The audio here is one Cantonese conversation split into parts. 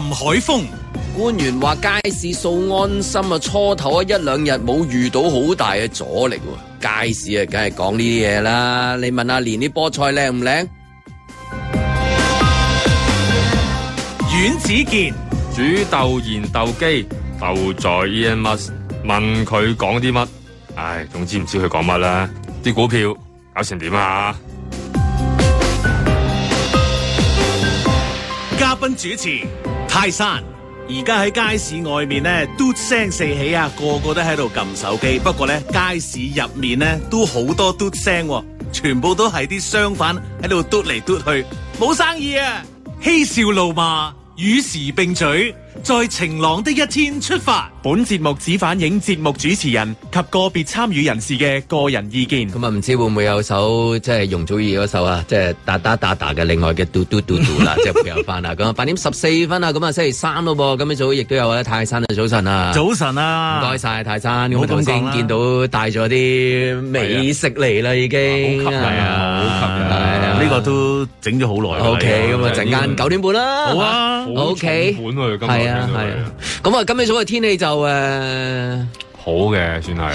林海峰，官員話街市掃安心啊，初頭啊一兩日冇遇到好大嘅阻力。街市啊，梗係講呢啲嘢啦。你問阿蓮啲菠菜靚唔靚？阮子健，主豆研豆機豆在 E M S，問佢講啲乜？唉，總之唔知佢講乜啦。啲股票搞成點啊？嘉賓主持。泰山，而家喺街市外面咧，嘟聲四起啊！個個都喺度撳手機。不過咧，街市入面咧都好多嘟聲啊，全部都係啲商販喺度嘟嚟嘟去，冇生意啊！嬉笑怒罵。與時並舉，在晴朗的一天出發。本節目只反映節目主持人及個別參與人士嘅個人意見。咁啊，唔知會唔會有首即係、就是、容祖兒嗰首啊，即係噠噠噠噠嘅另外嘅嘟嘟嘟嘟啦，即 係配合翻。啦。咁啊，八點十四分啊，咁啊，星期三咯噃。咁早亦都有啊，泰山啊，早晨啊，早晨啊，唔該晒，泰山。我頭先見到帶咗啲美食嚟啦，已經。呢、這個都整咗好耐啦。OK，咁啊陣間九點半啦。好啊。OK。係啊，係、okay，啊。咁啊，啊，啊，啊，今日所謂天氣就誒。呃好嘅，算係、啊。啊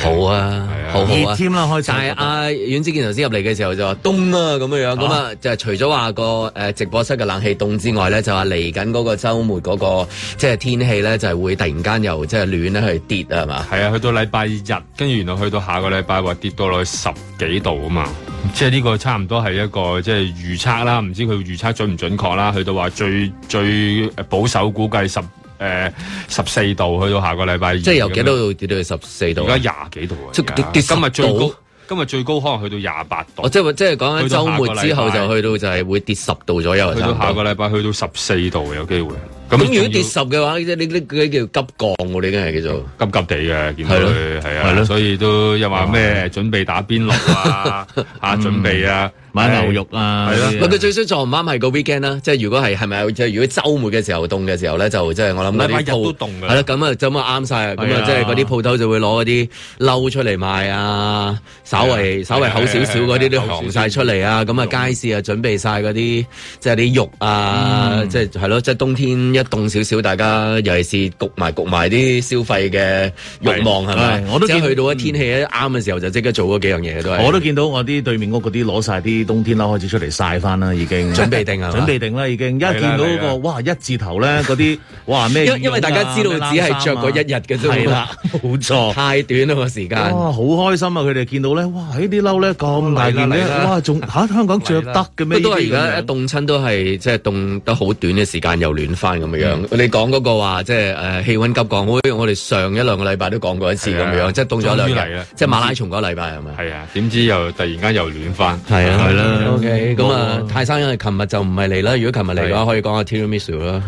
好，好啊，熱添啦，開始。但係阿阮志健頭先入嚟嘅時候就話凍啊咁樣啊樣，咁啊就係除咗話個直播室嘅冷氣凍之外咧，就話嚟緊嗰個週末嗰、嗰個即係、就是、天氣咧，就係會突然間又即係暖咧去跌啊嘛。係啊，去到禮拜日，跟住原來去到下個禮拜話跌到落去十幾度啊嘛。即係呢個差唔多係一個即係預測啦，唔知佢預測準唔準確啦。去到話最最保守估計十。誒，十四度去到下個禮拜二，即係由幾多度跌到去十四度？而家廿幾度啊！即係今日最高，今日最高可能去到廿八度。哦，即係即係講緊周末之後去就去到就係會跌十度左右。下個禮拜去到十四度，有機會。嗯咁如果跌十嘅話，即呢呢啲叫急降喎，呢啲係叫做急急地嘅，見到佢係啊，所以都又話咩準備打邊爐啊，啊 準備啊、嗯、買牛肉啊，係佢最少撞唔啱係個 weekend 啦，即係如果係係咪？即係如果周末嘅時候凍嘅時候咧，就，就是，就，就，就，就即係我諗嗰啲鋪都凍嘅。係啦，咁、嗯、啊，就咁啊啱曬，咁啊即係嗰啲鋪頭就會攞嗰啲褸出嚟賣啊，稍為稍為厚少少嗰啲都藏曬出嚟啊，咁啊街市啊準備晒嗰啲即係啲肉啊，即係係咯，即係冬天。一凍少少，大家尤其是焗埋焗埋啲消費嘅欲望係咪？我都知去到天氣一啱嘅時候就即刻做嗰幾樣嘢都係。我都見到我啲對面屋嗰啲攞晒啲冬天褸開始出嚟晒翻啦，已經 準備定啊，準備定啦已經。一見到、個哇一字頭咧，嗰啲哇咩？因因為大家知道、啊、只係着過一日嘅啫嘛，冇錯，太短啦個時間。 哇，好開心啊！佢哋見到咧，哇，呢啲褸咧咁大件，哇，仲吓、啊、香港着得嘅咩？都係而家一凍親都係即係凍得好短嘅時間又暖翻。咁、嗯、樣，你講嗰個話，即係誒氣溫急降，好似我哋上一兩個禮拜都講過一次咁樣、啊，即係凍咗兩日，即係馬拉松嗰個禮拜係咪？係啊，點知又突然間又暖翻，係、嗯、啊，係啦、啊啊啊。OK，咁、哦、啊，泰山因為琴日就唔係嚟啦。如果琴日嚟嘅話，可以講下 Tiramisu 啦，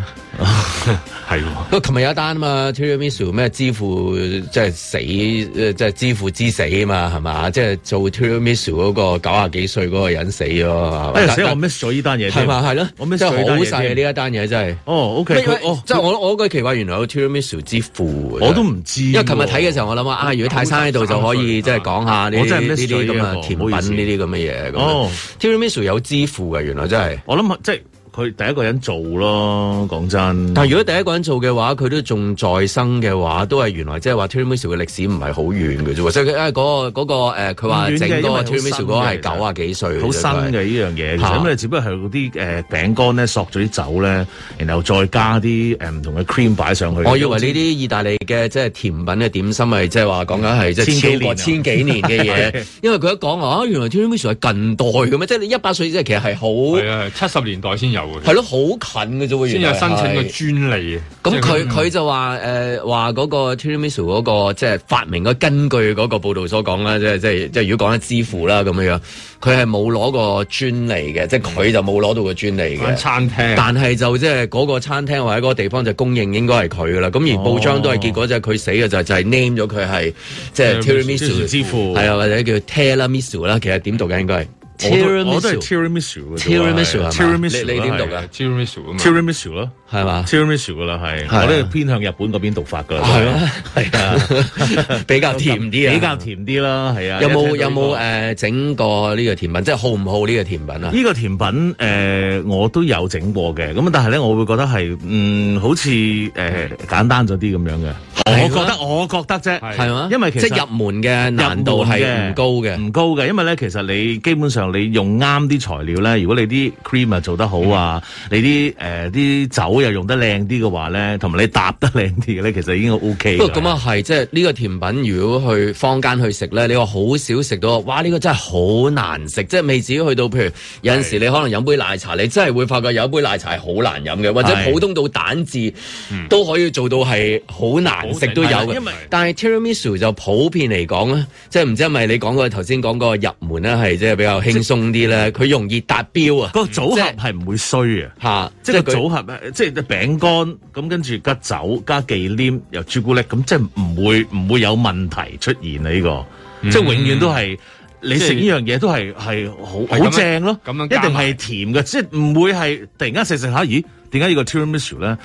係不過咁琴日有一單啊嘛，Tiramisu 咩之父即係死，即係之父之死啊嘛，係嘛？即係、哎、做 Tiramisu 嗰個九廿幾歲嗰個人死咗 miss 咗呢單嘢，係係咯，我 miss 好細嘅呢一單嘢，真係。哦，OK。咩？我即係我，我好奇怪原來有 Tiramisu 之父，我都唔知、啊。因為琴日睇嘅時候，我諗啊，如果泰山喺度就可以即係講下呢啲呢啲咁啊甜品呢啲咁嘅嘢。哦，Tiramisu 有之父嘅原來真係。我諗即係。佢第一個人做咯，講真。但係如果第一個人做嘅話，佢都仲在生嘅話，都係原來即係話 Tiramisu 嘅歷史唔係好遠嘅啫喎。所以嗰個嗰個誒，佢話整多 Tiramisu 嗰個係九啊幾歲，好新嘅呢樣嘢。咁咧，只不過係嗰啲誒餅乾咧，索咗啲酒咧，然後再加啲誒唔同嘅 cream 擺上去。 我以為呢啲意大利嘅即係甜品嘅點心係即係話講緊係即係超過千幾年嘅嘢， 因為佢一講啊，原來 Tiramisu 係近代嘅咩？即係你一百歲，即係其實係好。係啊，七十年代先有。係咯，好近嘅啫喎，先有申請個專利。咁佢佢就話誒，話、呃、嗰個 Tiramisu 嗰、那個即係、就是、發明嘅根據嗰個報道所講啦，即係即係即係如果講緊支付啦咁樣樣，佢係冇攞個專利嘅，即係佢就冇攞到個專利嘅餐廳。但係就即係嗰個餐廳或者嗰個地方就供應應該係佢啦。咁而報章都係結果就係佢死嘅就係、是、就係、是、name 咗佢係即係 Tiramisu 支、嗯、付係啊，或者叫 Telamisu 啦、啊。其實點讀嘅應該係。Tiramisu Tiramisu 你你點讀啊 Tiramisu Tiramisu 咯，係嘛？Tiramisu 噶啦，係我都偏向日本嗰邊讀法噶，係係啊，啊，啊，啊， 啊，比較甜啲，比較甜啲啦、啊，係啊。有冇有冇誒整過呢個甜品？即係好唔好呢個甜品啊？呢、這個甜品誒、呃，我都有整過嘅，咁但係咧我會覺得係，嗯，好似誒、呃、簡單咗啲咁樣嘅。我覺得，我覺得啫，係啊。因為實、啊、即係入門嘅難度係唔高嘅，唔高嘅，因為咧其實你基本上。你用啱啲材料咧，如果你啲 cream 啊做得好啊、嗯，你啲誒啲酒又用得靚啲嘅話咧，同埋你搭得靚啲嘅咧，其實已經 OK。不過咁啊係，即係呢個甜品如果去坊間去食咧，你話好少食到，哇！呢、呢個真係好難食，即係未至於去到，譬如有陣時你可能飲杯奶茶，你真係會發覺有一杯奶茶係好難飲嘅，或者普通到蛋治、嗯、都可以做到係好難食都有。但係 Tiramisu 就普遍嚟講咧，即係唔知係咪你講過頭先講過入門咧，係即係比較希。輕鬆啲咧，佢容易達標啊！個組合係唔會衰啊，吓即係組合，即係餅乾咁，跟住吉酒加忌廉，又朱古力，咁即係唔會唔會有問題出現啊！呢、嗯這個即係永遠都係你食呢樣嘢都係係好好正咯，咁樣，樣一定係甜嘅，即係唔會係突然間食食下，咦？點解呢個 Tiramisu 咧？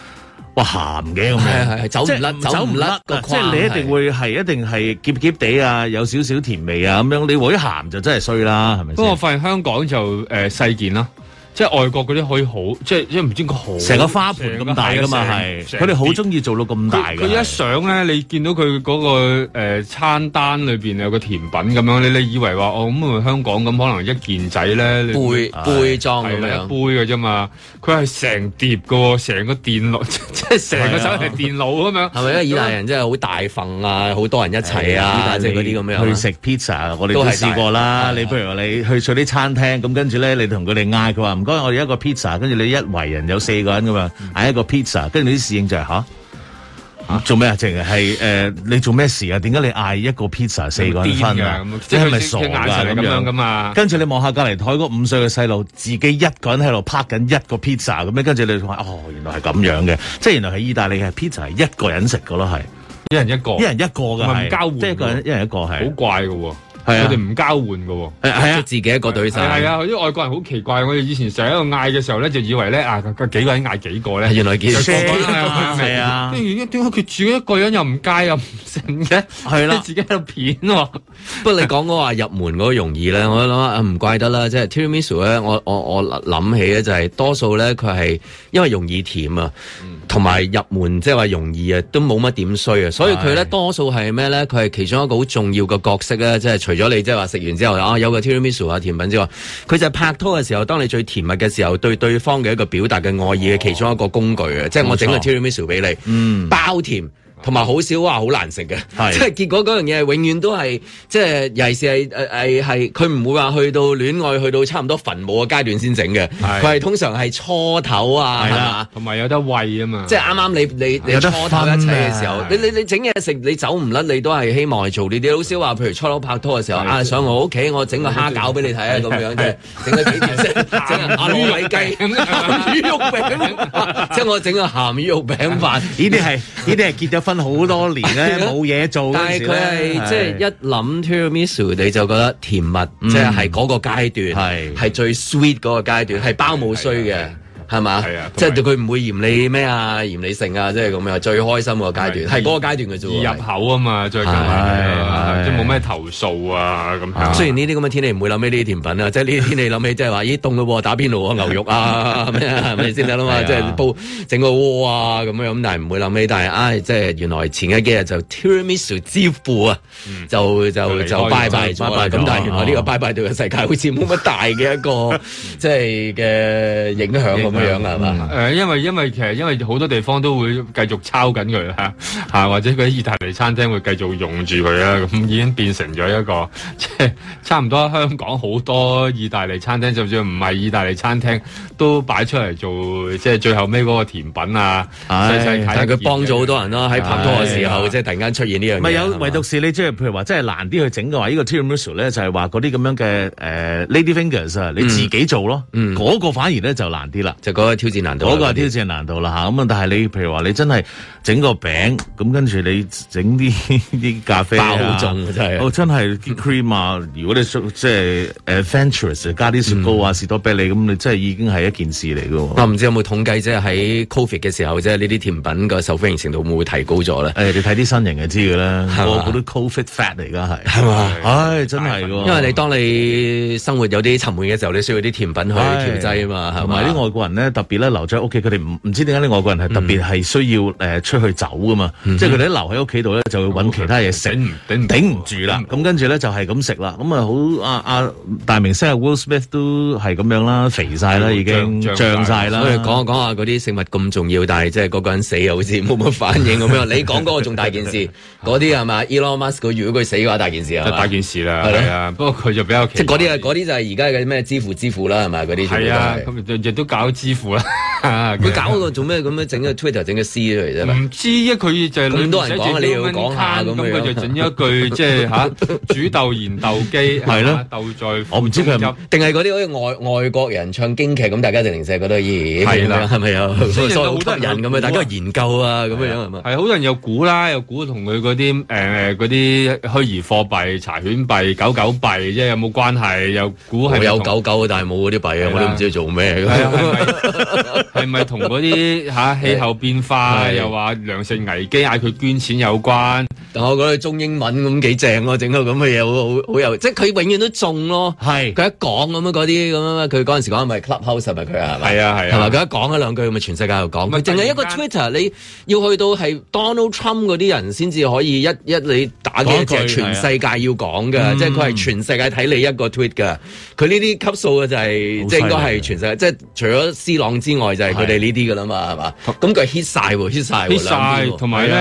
哇鹹，嘅咁樣，走唔甩，走唔甩個框，即係你一定會係一定係澀澀地啊，有少少甜味啊咁樣，你會啲鹹就真係衰啦，係咪？不過我發現香港就誒細件啦。呃即係外國嗰啲可以好，即係即唔知點解好，成個花盆咁大㗎嘛係。佢哋好中意做到咁大嘅。佢一上咧，你見到佢嗰、嗰個、呃、餐單裏面有個甜品咁樣，你你以為話哦咁、嗯、香港咁可能一件仔咧，杯杯裝咁樣，一杯㗎啫嘛。佢係成碟嘅喎，成個電腦即係成個手提電腦咁樣。係咪啊？意大利人真係好大份啊，好多人一齊啊，即嗰啲咁樣去食 pizza、啊、我哋都試過啦。你不如話你去咗啲餐廳咁，嗯、呢跟住咧你同佢哋嗌佢話嗰日我哋一個 pizza，跟住你一圍人有四個人噶嘛，嗌一個 pizza，跟住你啲侍應就係、是、吓、啊啊，做咩啊？淨係誒，你做咩事啊？點解你嗌一個 pizza 四個人分噶？即係咪傻噶？咁樣噶嘛？跟住你望下隔籬台嗰五歲嘅細路，自己一個人喺度拍緊一個 pizza 咁樣，跟住你話哦、啊，原來係咁樣嘅，即係原來喺意大利嘅 pizza 係一個人食噶咯，係一人一個，一人一個嘅，唔係唔交換，即係一個人一人一個係、就是，好怪噶、啊。係、啊，我哋唔交換噶，係啊，啊，自己一個對手。係啊，啲、啊、外國人好奇怪，我哋以前成日喺度嗌嘅時候咧，就以為咧啊，幾個人嗌幾個咧，原來幾，係啊，點解點解佢住一個樣又唔街又唔成嘅？係啦、啊啊，自己喺度片。不過、啊啊、你講嗰話入門嗰個容易咧，我諗啊唔怪得啦，即、就、係、是、Tiramisu 咧，我我我諗諗起咧就係多數咧佢係因為容易甜啊。嗯同埋入門即係話容易啊，都冇乜點衰啊，所以佢咧多數係咩咧？佢係其中一個好重要嘅角色咧，即係除咗你即係話食完之後啊，有個 Tiramisu 啊甜品之外，佢就係拍拖嘅時候，當你最甜蜜嘅時候，對對，對方嘅一個表達嘅愛意嘅其中一個工具啊，即、哦、係我整個 Tiramisu 俾你，哦、嗯，包甜。同埋好少話好難食嘅，即係結果嗰樣嘢永遠都係即係尤其是係，係佢唔會話去到戀愛去到差唔多墳墓嘅階段先整嘅，佢係通常係初頭啊，同埋有得餵啊嘛，即係啱啱你你初頭一齊嘅時候，你、啊、你整嘢食，你走唔甩，你都係希望做呢啲。你老少話，譬如初頭拍拖嘅時候啊，上我屋企，我整個蝦餃俾你睇啊，咁樣嘅，整個幾條蒸鹹魚尾雞，魚肉餅，即係我整個鹹魚肉餅飯，呢啲係呢啲係結咗婚。好多年咧冇嘢做，但係佢係即係一諗 To Miss You 你就覺得甜蜜，即係係嗰個階段，係係最 sweet 嗰個階段，係包冇衰嘅。係嘛、啊？即係對佢唔會嫌你咩啊？嫌你性啊？即係咁樣最開心個階段，係嗰個階段嘅啫。入口啊嘛，最緊要即冇咩投訴啊咁、啊啊。雖然呢啲咁嘅天氣唔會諗起呢啲甜品啊，即係呢啲天氣諗起，即係話咦凍咯、啊，打邊爐、啊、 牛肉啊咩 啊，係咪先得啦嘛？即係煲整個鍋啊咁樣咁，但係唔會諗起。但係唉、哎，即係原來前一幾日就 Tiramisu 之父啊，就就就，就拜拜就、啊、拜咁、啊。但係原來呢個拜拜對個世界好似冇乜大嘅一個即係嘅影響 咁、嗯、嘛、嗯嗯嗯嗯，因為因為其實因為好多地方都會繼續抄緊佢、啊、或者佢喺意大利餐廳會繼續用住佢，咁已經變成咗一個即係差唔多香港好多意大利餐廳，就算唔係意大利餐廳都擺出嚟做，即係最後尾嗰個甜品啊，哎、細細睇。但係佢幫咗好多人咯、啊，喺拍拖嘅時候、哎、即係突然間出現呢樣、嘢。有唯獨事是你即係譬如話即係難啲去整嘅話，這個、呢個 Tiramisu 咧就係話嗰啲咁樣嘅誒、呃、lady fingers 啊，你自己做咯，嗰、嗯那個反而咧就難啲啦。就嗰、是、個挑戰難度，嗰個挑戰難度啦嚇咁啊，但係你譬如話，你真係整個餅，咁跟住你整啲啲咖啡、啊，好真係。哦，真係啲、嗯、cream 啊，如果你想即係 adventurous 加啲雪糕啊士多啤梨咁，你真係已經係一件事嚟嘅、啊。我唔知有冇統計，即係喺 COVID 嘅時候，即係呢啲甜品個受歡迎程度會唔會提高咗咧、哎？你睇啲新型就知嘅啦。我覺得 COVID fat 嚟㗎係，係嘛？唉、哎，真係嘅、啊。因為你當你生活有啲沉悶嘅時候，你需要啲甜品去調劑啊嘛，係咪？啲外國人。特別咧留咗喺屋企，佢哋唔唔知點解啲外國人係特別係需要出去走噶嘛，嗯、即係佢哋一留喺屋企度咧，就會揾其他嘢食，頂頂唔住啦。咁跟住咧就係咁食啦。咁啊好啊啊大明星 Will Smith 都係咁樣啦，肥晒啦，已經脹晒啦。講下講下嗰啲食物咁重要，但係即係嗰個人死又好似冇乜反應咁樣。 你講嗰個仲大件事嗰啲係嘛？Elon Musk 如果佢死嘅話，大件事啊，大件事啦，不過佢就比較即係嗰啲啲就係而家嘅咩支付支付啦係咪？嗰啲係都搞支付啦，佢搞個做咩咁樣，整個 Twitter 整嘅 C 嚟啫，唔知一佢就亂多人講，你要講下咁、 就是、啊？佢就整咗一句即係吓煮豆燃豆萁係啦，豆在我唔知佢定係嗰啲好似外外國人唱京劇咁，大家就零舍覺得咦係啦？係咪啊？是是 所以好多人咁啊，大家研究啊咁樣係嘛？係好多人又估啦，又估同佢嗰啲誒嗰啲虛擬貨幣柴犬幣狗狗幣即係有冇關係？又估係有狗狗，但係冇嗰啲幣啊，我都唔知佢做咩。啊 係咪同嗰啲吓，氣候變化，又話糧食危機嗌佢捐錢有關？但我覺得中英文咁幾正，我整到咁嘅嘢好好好有，即係佢永遠都中咯。係佢一講咁樣嗰啲咁樣，佢嗰陣時講咪 Clubhouse 係咪佢啊？係啊係啊，佢一講咗兩句，咪全世界就講。唔係，淨係一個 Twitter，你要去到係 Donald Trump 嗰啲人先至可以一一你打幾個全世界要講嘅，啊嗯，即係佢係全世界睇你一個 tweet 噶。佢呢啲級數嘅就係，是，即係應該係全世界，即係除咗。之郎之外就係佢哋呢啲噶啦嘛，係嘛？咁佢 hit 晒喎，hit 晒 hit 晒。同埋咧，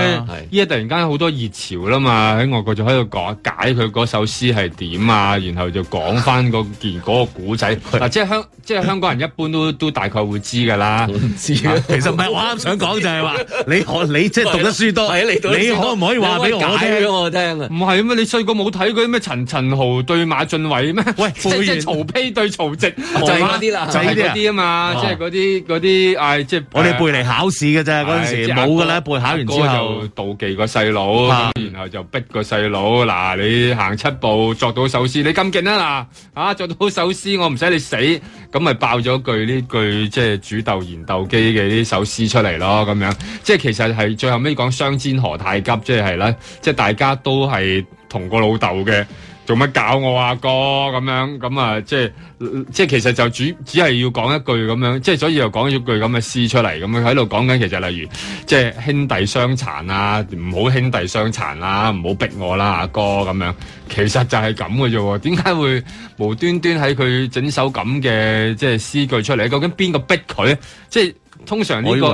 依家、啊啊、突然間好多熱潮啦嘛，喺外國就喺度解解佢嗰首詩係點啊，然後就講翻個件嗰個古仔。即係香，即係香港人一般都 都大概會知噶啦。唔 知、啊、其實唔係我啱想講就係話 你可你即係讀得書多，多，你可唔可以話俾我聽我，解我聽唔係咩？你細個冇睇嗰啲咩陳陳豪對馬浚偉咩？喂，即係即係、 曹丕對曹植就係嗰啲啦，就係嗰啲啊嘛。啊就係即係嗰啲啲，即係我哋背嚟考試㗎咋。嗰、啊、陣時冇噶啦，背考完之後哥哥就妒忌個細佬，然後就逼個細佬嗱，你行七步作到首詩，你咁勁啊嗱，啊作到首詩，我唔使你死，咁咪爆咗句呢句即係煮豆燃豆萁嘅呢首詩出嚟咯，咁樣即係其實係最後尾講相煎何太急，即係啦即係大家都係同個老豆嘅。做乜搞我啊哥？咁樣咁啊，即係即係，其實就主只係要講一句咁樣，即係所以又講咗句咁嘅詩出嚟，咁樣喺度講緊，其實例如即係兄弟相殘啊，唔好兄弟相殘啦、啊，唔好逼我啦，阿哥咁樣，其實就係咁嘅啫。點解會無端端喺佢整首咁嘅即係詩句出嚟？究竟邊個逼佢？即係。通常呢、這個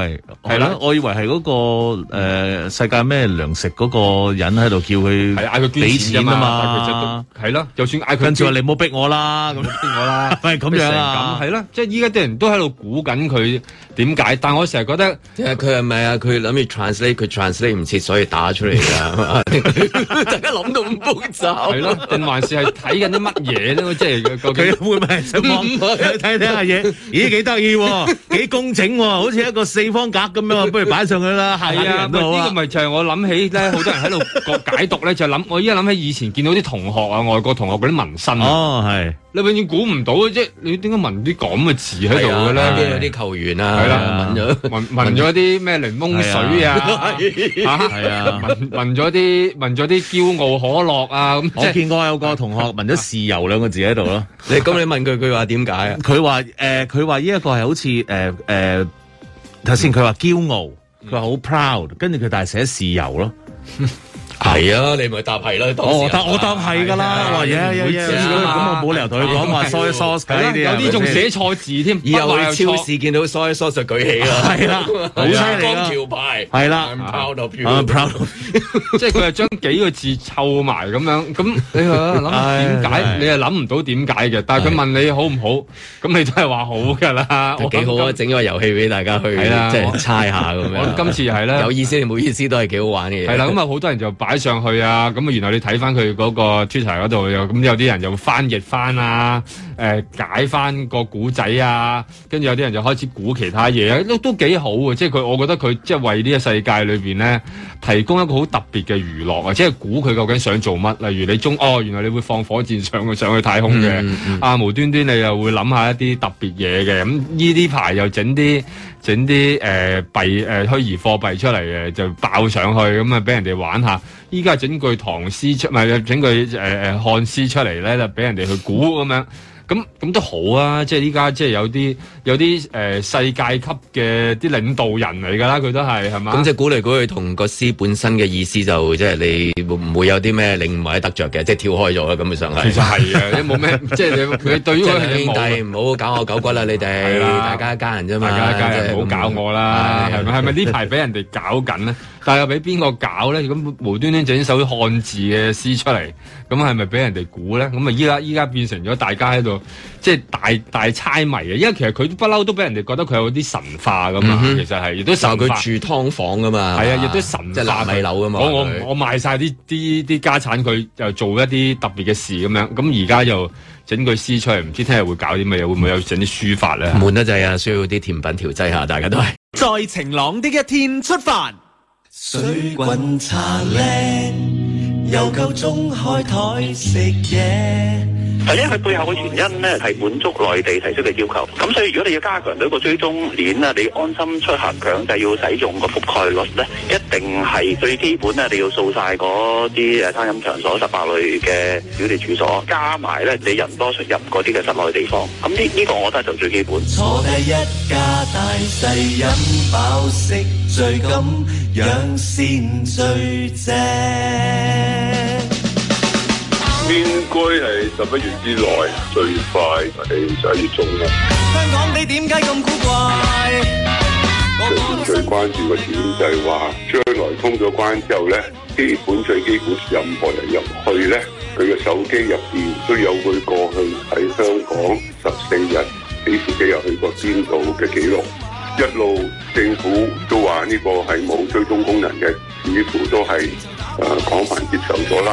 係啦，我以為係嗰、那個、呃、世界咩糧食嗰個人喺度叫佢，係嗌佢俾錢啊嘛，係咯，就、啊、算嗌佢。跟住話你冇逼我啦，咁逼我啦，咪咁樣咁、啊。係咯，即係依家啲人都喺度估緊佢點解，但我成日覺得佢係咪啊？佢諗住 translate 佢 translate 唔切，所以打出嚟㗎。 大家諗到咁複雜係咯？定還是係睇緊啲乜嘢咧？即係究竟佢會唔會上網睇睇下嘢？咦，幾得意，幾工整喎！好似一個四方格咁樣，不如擺上去啦。係 啊，啊這個、呢個咪就係我諗起咧，好 多人喺度解讀咧，就諗、是、我依家諗起以前見到啲同學啊，外國同學嗰啲紋身。哦，係你永遠估唔到嘅啫，你點解紋啲咁嘅字喺度嘅咧？跟住有啲球員啊，紋咗紋紋咗啲咩檸檬水啊，係啊，紋紋咗啲紋咗啲驕傲可樂啊。 我見過有個同學紋咗豉油兩個字喺度咯。你 咁你問佢，句話點解？佢話誒，佢話呢一個係好似誒誒。呃呃頭先，佢話驕傲，佢話好 proud、嗯、跟住佢大寫豉油咯。 係啊，你咪答係、啊、啦。哦，答我答係㗎啦。或者 yeah, yeah，咁我冇理由同佢講話 soy sauce 㗎、啊啊。有啲仲寫錯字添，以後去超市見到 soy sauce 就舉起啦。係、啊、啦，好犀利啦。係、啊啊啊、牌係啦、啊、proud of proud、uh, 啊、of，即係佢係將幾個字湊埋咁樣。咁你係諗點解？你係諗唔到點解嘅。但係佢問你好唔好？咁你都係話好㗎啦。幾好啊！整個遊戲俾大家去即係猜下咁樣。今次係啦，有意思定冇意思都係幾好玩嘅嘢。係啦，咁啊好多人就睇上去啊，咁啊，原來你睇翻佢嗰個 Twitter 嗰度又，咁有啲人又會翻譯翻啊，誒解翻個古仔啊，跟住有啲人就開始估其他嘢，都都幾好啊，即係佢，我覺得佢即係為呢個世界裏邊咧提供一個好特別嘅娛樂啊，即係估佢究竟想做乜，例如你中哦，原來你會放火箭上上去太空嘅，嗯嗯，啊無端端你又會諗下一啲特別嘢嘅，咁呢啲排又整啲。整啲誒幣誒虛擬貨幣出嚟誒就爆上去咁啊，俾人哋玩下。依家整句唐詩出，唔係整句誒誒、呃、漢詩出嚟咧，就俾人哋去估咁樣。咁咁都好啊，即係依家即係有啲。有啲誒、呃、世界級嘅啲領導人嚟㗎啦，佢都係係嘛？咁即係估嚟估去，同個詩本身嘅意思就即係、就是、你唔會有啲咩領悟或得着嘅，即、就、係、是、跳開咗啦。基本上係其實係啊，你冇咩，即 係你對於兄弟唔好搞我狗骨啦，你哋 大家一家人啫嘛，大家一家人唔、就、好、是、搞我啦，係咪係咪呢排俾人哋搞緊咧？但係俾邊個搞咧？咁無端端整首漢字嘅詩出嚟，咁係咪俾人哋估咧？咁啊依家依家變成咗大家喺度即係大大猜謎啊！因為其實佢。不嬲都俾人哋覺得佢有啲神化咁嘛、嗯。其實係亦都受佢住劏房噶嘛，係啊！亦都神化爛尾樓噶嘛。我我我賣晒啲啲啲家產，佢就做一啲特別嘅事咁樣。咁而家又整句詩出嚟，唔知聽日會搞啲乜嘢？會唔會有整啲書法咧？悶得滯啊！需要啲甜品調劑一下，大家都係。在晴朗的一天出發，水滾茶靚，又夠鐘開台食嘢。係因為佢背後嘅原因咧，係滿足內地提出嘅要求。咁所以如果你要加強到個追蹤鏈啊，你安心出行強制、就是、要使用個覆蓋率咧，一定係最基本咧，你要掃晒嗰啲誒餐飲場所、十八類嘅小地處所，加埋咧你人多出入嗰啲嘅室內地方。咁呢呢個我覺得就最基本。坐低一家大細飲飽食最，咁樣先最正。應該係十一月之內最快，係十一月中啦。香港你點解咁古怪？最最關注嘅點就係話，將來通咗關之後咧，基本最基本任何人入去咧，佢個手機入邊都有佢過去喺香港十四日幾時幾日去過邊度嘅記錄。一路政府都話呢個係冇追蹤功能嘅，似乎都係誒廣泛接受咗啦。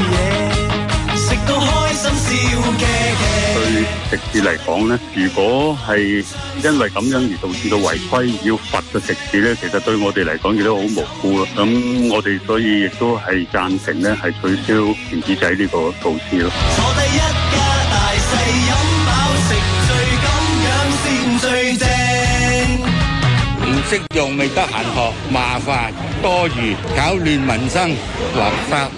食肆嚟講咧，如果係因為咁樣而導致到違規要罰嘅食肆咧，其實對我哋嚟講亦都好無辜啊！咁我哋所以亦都係贊成咧，係取消電子仔呢個措施咯。坐低一家大細飲飽食醉，咁樣先最正。唔識用未得閒學，麻煩多餘，搞亂民生，垃圾。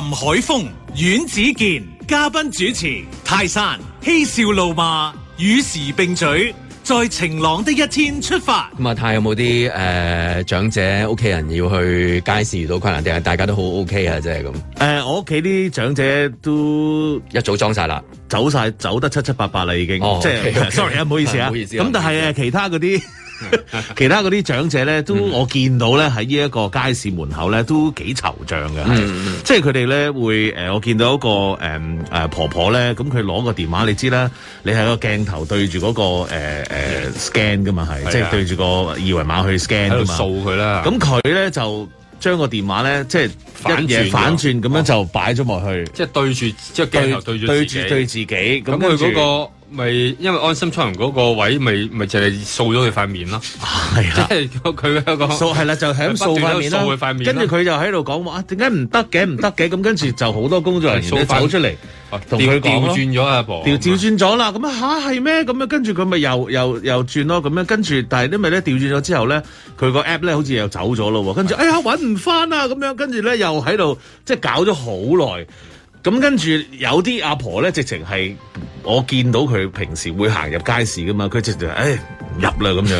林海峰、阮子健嘉賓主持，泰山、嬉笑怒罵與時並舉，在晴朗的一天出發。咁啊，睇下有冇啲誒長者屋企人要去街市遇到困難，定係大家都好 OK 啊？即係咁。誒，我屋企啲長者都一早裝晒啦，走晒走得七七八八啦，已經。哦，即係，sorry 啊，唔好意思啊，唔好意思。咁但係誒，其他嗰啲。 其他嗰啲長者咧，都我見到咧喺，呢一個街市門口咧，都幾惆悵嘅，嗯嗯，即係佢哋咧會誒，我見到一個誒誒、呃、婆婆咧，咁佢攞個電話，你知啦，你係個鏡頭對住嗰、那個誒誒、呃呃、scan 噶嘛，係即係對住個二維碼去 scan 噶嘛，去掃佢啦。咁佢咧就。將個電話咧，即係反轉，反轉咁樣就擺咗落去。即係對住，即係鏡頭對住對住對自己。咁佢嗰個咪，因為安心出行嗰個位咪咪就係掃咗佢塊面咯。係啦，即係佢嘅一個掃係啦，就係咁掃塊面啦。掃佢塊面。跟住佢就喺度講話，點解唔得嘅？唔得嘅。咁跟住就好多工作人員掃走出嚟。同佢調轉咗啊！阿婆調轉咗啦，咁啊嚇係咩？咁樣跟住佢咪又又又轉咯，咁樣跟住，但係因為咧調轉咗之後咧，佢個 app 咧好似又走咗咯喎，跟住哎呀揾唔翻啊，咁樣跟住咧又喺度即係搞咗好耐，咁跟住有啲阿婆咧直情係我見到佢平時會行入街市噶嘛，佢直情誒、哎、唔入啦咁樣，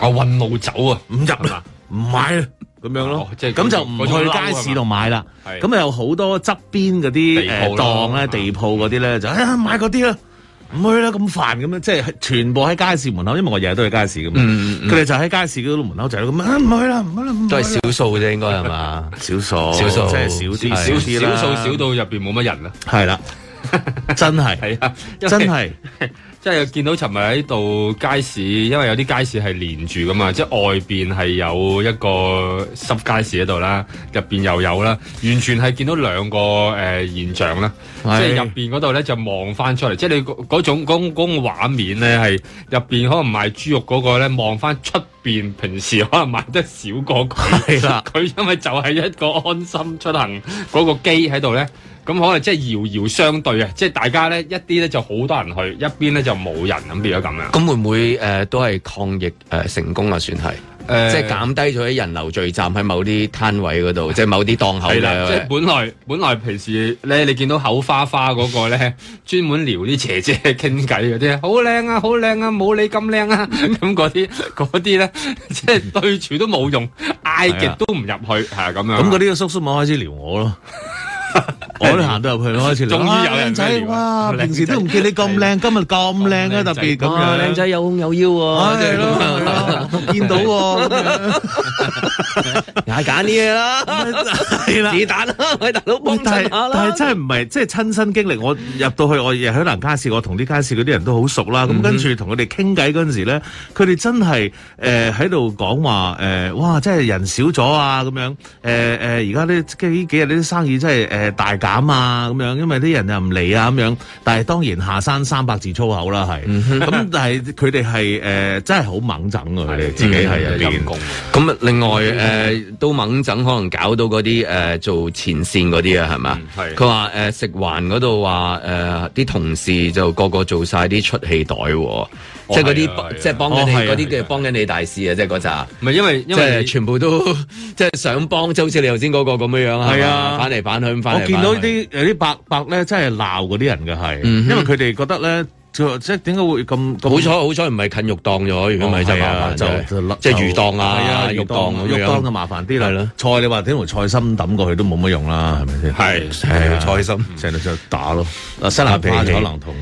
啊運路走啊，唔入啦，唔買咁樣咯，咁、哦、就唔去街市度買就啦。咁有好多側邊嗰啲誒檔咧，地鋪嗰啲咧就啊買嗰啲啦，唔、嗯嗯嗯嗯嗯、去啦，咁煩咁樣，即係全部喺街市門口，因為我日日都去街市，咁佢哋就喺街市嗰度門口就咁啊，唔去啦，唔去，去，去，去啦，都係少數嘅啫，應該係嘛？少 數，少數，真係少啲，少少數少到入邊冇乜人啦。係啦，真係，係 啊，真係。 即係見到尋日喺度街市，因為有啲街市係連住噶嘛，即係外面係有一個濕街市喺度啦，入面又有啦，完全係見到兩個誒、呃、現象啦。即係入面嗰度咧就望翻出嚟，即係你嗰種嗰嗰個畫面咧係入面可能賣豬肉嗰、嗰個咧望翻出面，平時可能賣得少個係啦。佢 因為就係一個安心出行嗰個機喺度咧。咁可能即係遙遙相對啊！即係大家咧一啲咧就好多人去，一邊咧就冇人，咁變咗咁樣。咁會唔會誒、呃、都係抗疫誒、呃、成功啊？算係誒，即係減低咗啲人流聚集喺某啲攤位嗰度， 即係某啲檔口。係啦，即係本來本來平時咧，你見到口花花嗰個咧，專 門撩啲姐姐傾偈嗰啲，好 靚啊，好靚啊，冇你咁靚啊！咁嗰啲嗰啲咧，呢 即係對住都冇用，嗌極都唔入去，係啊咁樣。咁嗰啲叔叔咪開始撩我咯。 我都行得入去咯，開始。終於有人。啊、靚仔，哇！平時都唔見你咁靚，今日咁靚啊，嗯、特別咁樣。靚、啊仔，啊、靚仔有胸有腰喎、啊，係咯，就是啊啊啊、看見到、啊。 也揀啲嘢啦，子彈啊，就是、 自彈 是是，大佬但係真係唔係，即係親身經歷。我入到去，我喺南街市，我同啲街市嗰啲人都好熟啦。咁、嗯、跟住同佢哋傾偈嗰陣時咧，佢哋真係誒喺度講話誒，哇！即係人少咗啊，咁樣誒誒，而家呢幾日呢啲生意真係誒、呃、大減啊，咁樣，因爲啲人又唔嚟啊，咁樣。但係當然下山三百字粗口啦，係咁、嗯，但係佢哋係誒真係好猛整噶，佢哋自己係有啲員工，咁另外。嗯誒、嗯呃，都猛整，可能搞到嗰啲誒做前線嗰啲啊，係、嗯、嘛？係佢話誒食環嗰度話誒啲同事就個個做晒啲出氣袋，哦、即係嗰啲即係幫緊你嗰啲叫幫緊你大使啊、嗯！即係嗰扎。唔係因為因為全部都即係想幫，就好似你頭先嗰個咁樣樣係嘛？反嚟反去，反嚟我見到啲有啲伯伯咧，真係鬧嗰啲人嘅係、嗯，因為佢哋覺得咧。即係點解會咁？好彩好彩唔係近肉檔咗，如果唔係、哦啊、就麻煩就即係魚檔啊，啊，肉檔，肉檔就麻煩啲啦。菜你話點？條菜心抌過去都冇乜用啦，係咪先？係，係、啊啊啊、菜心成日就打咯。嗯、新亞平可能同、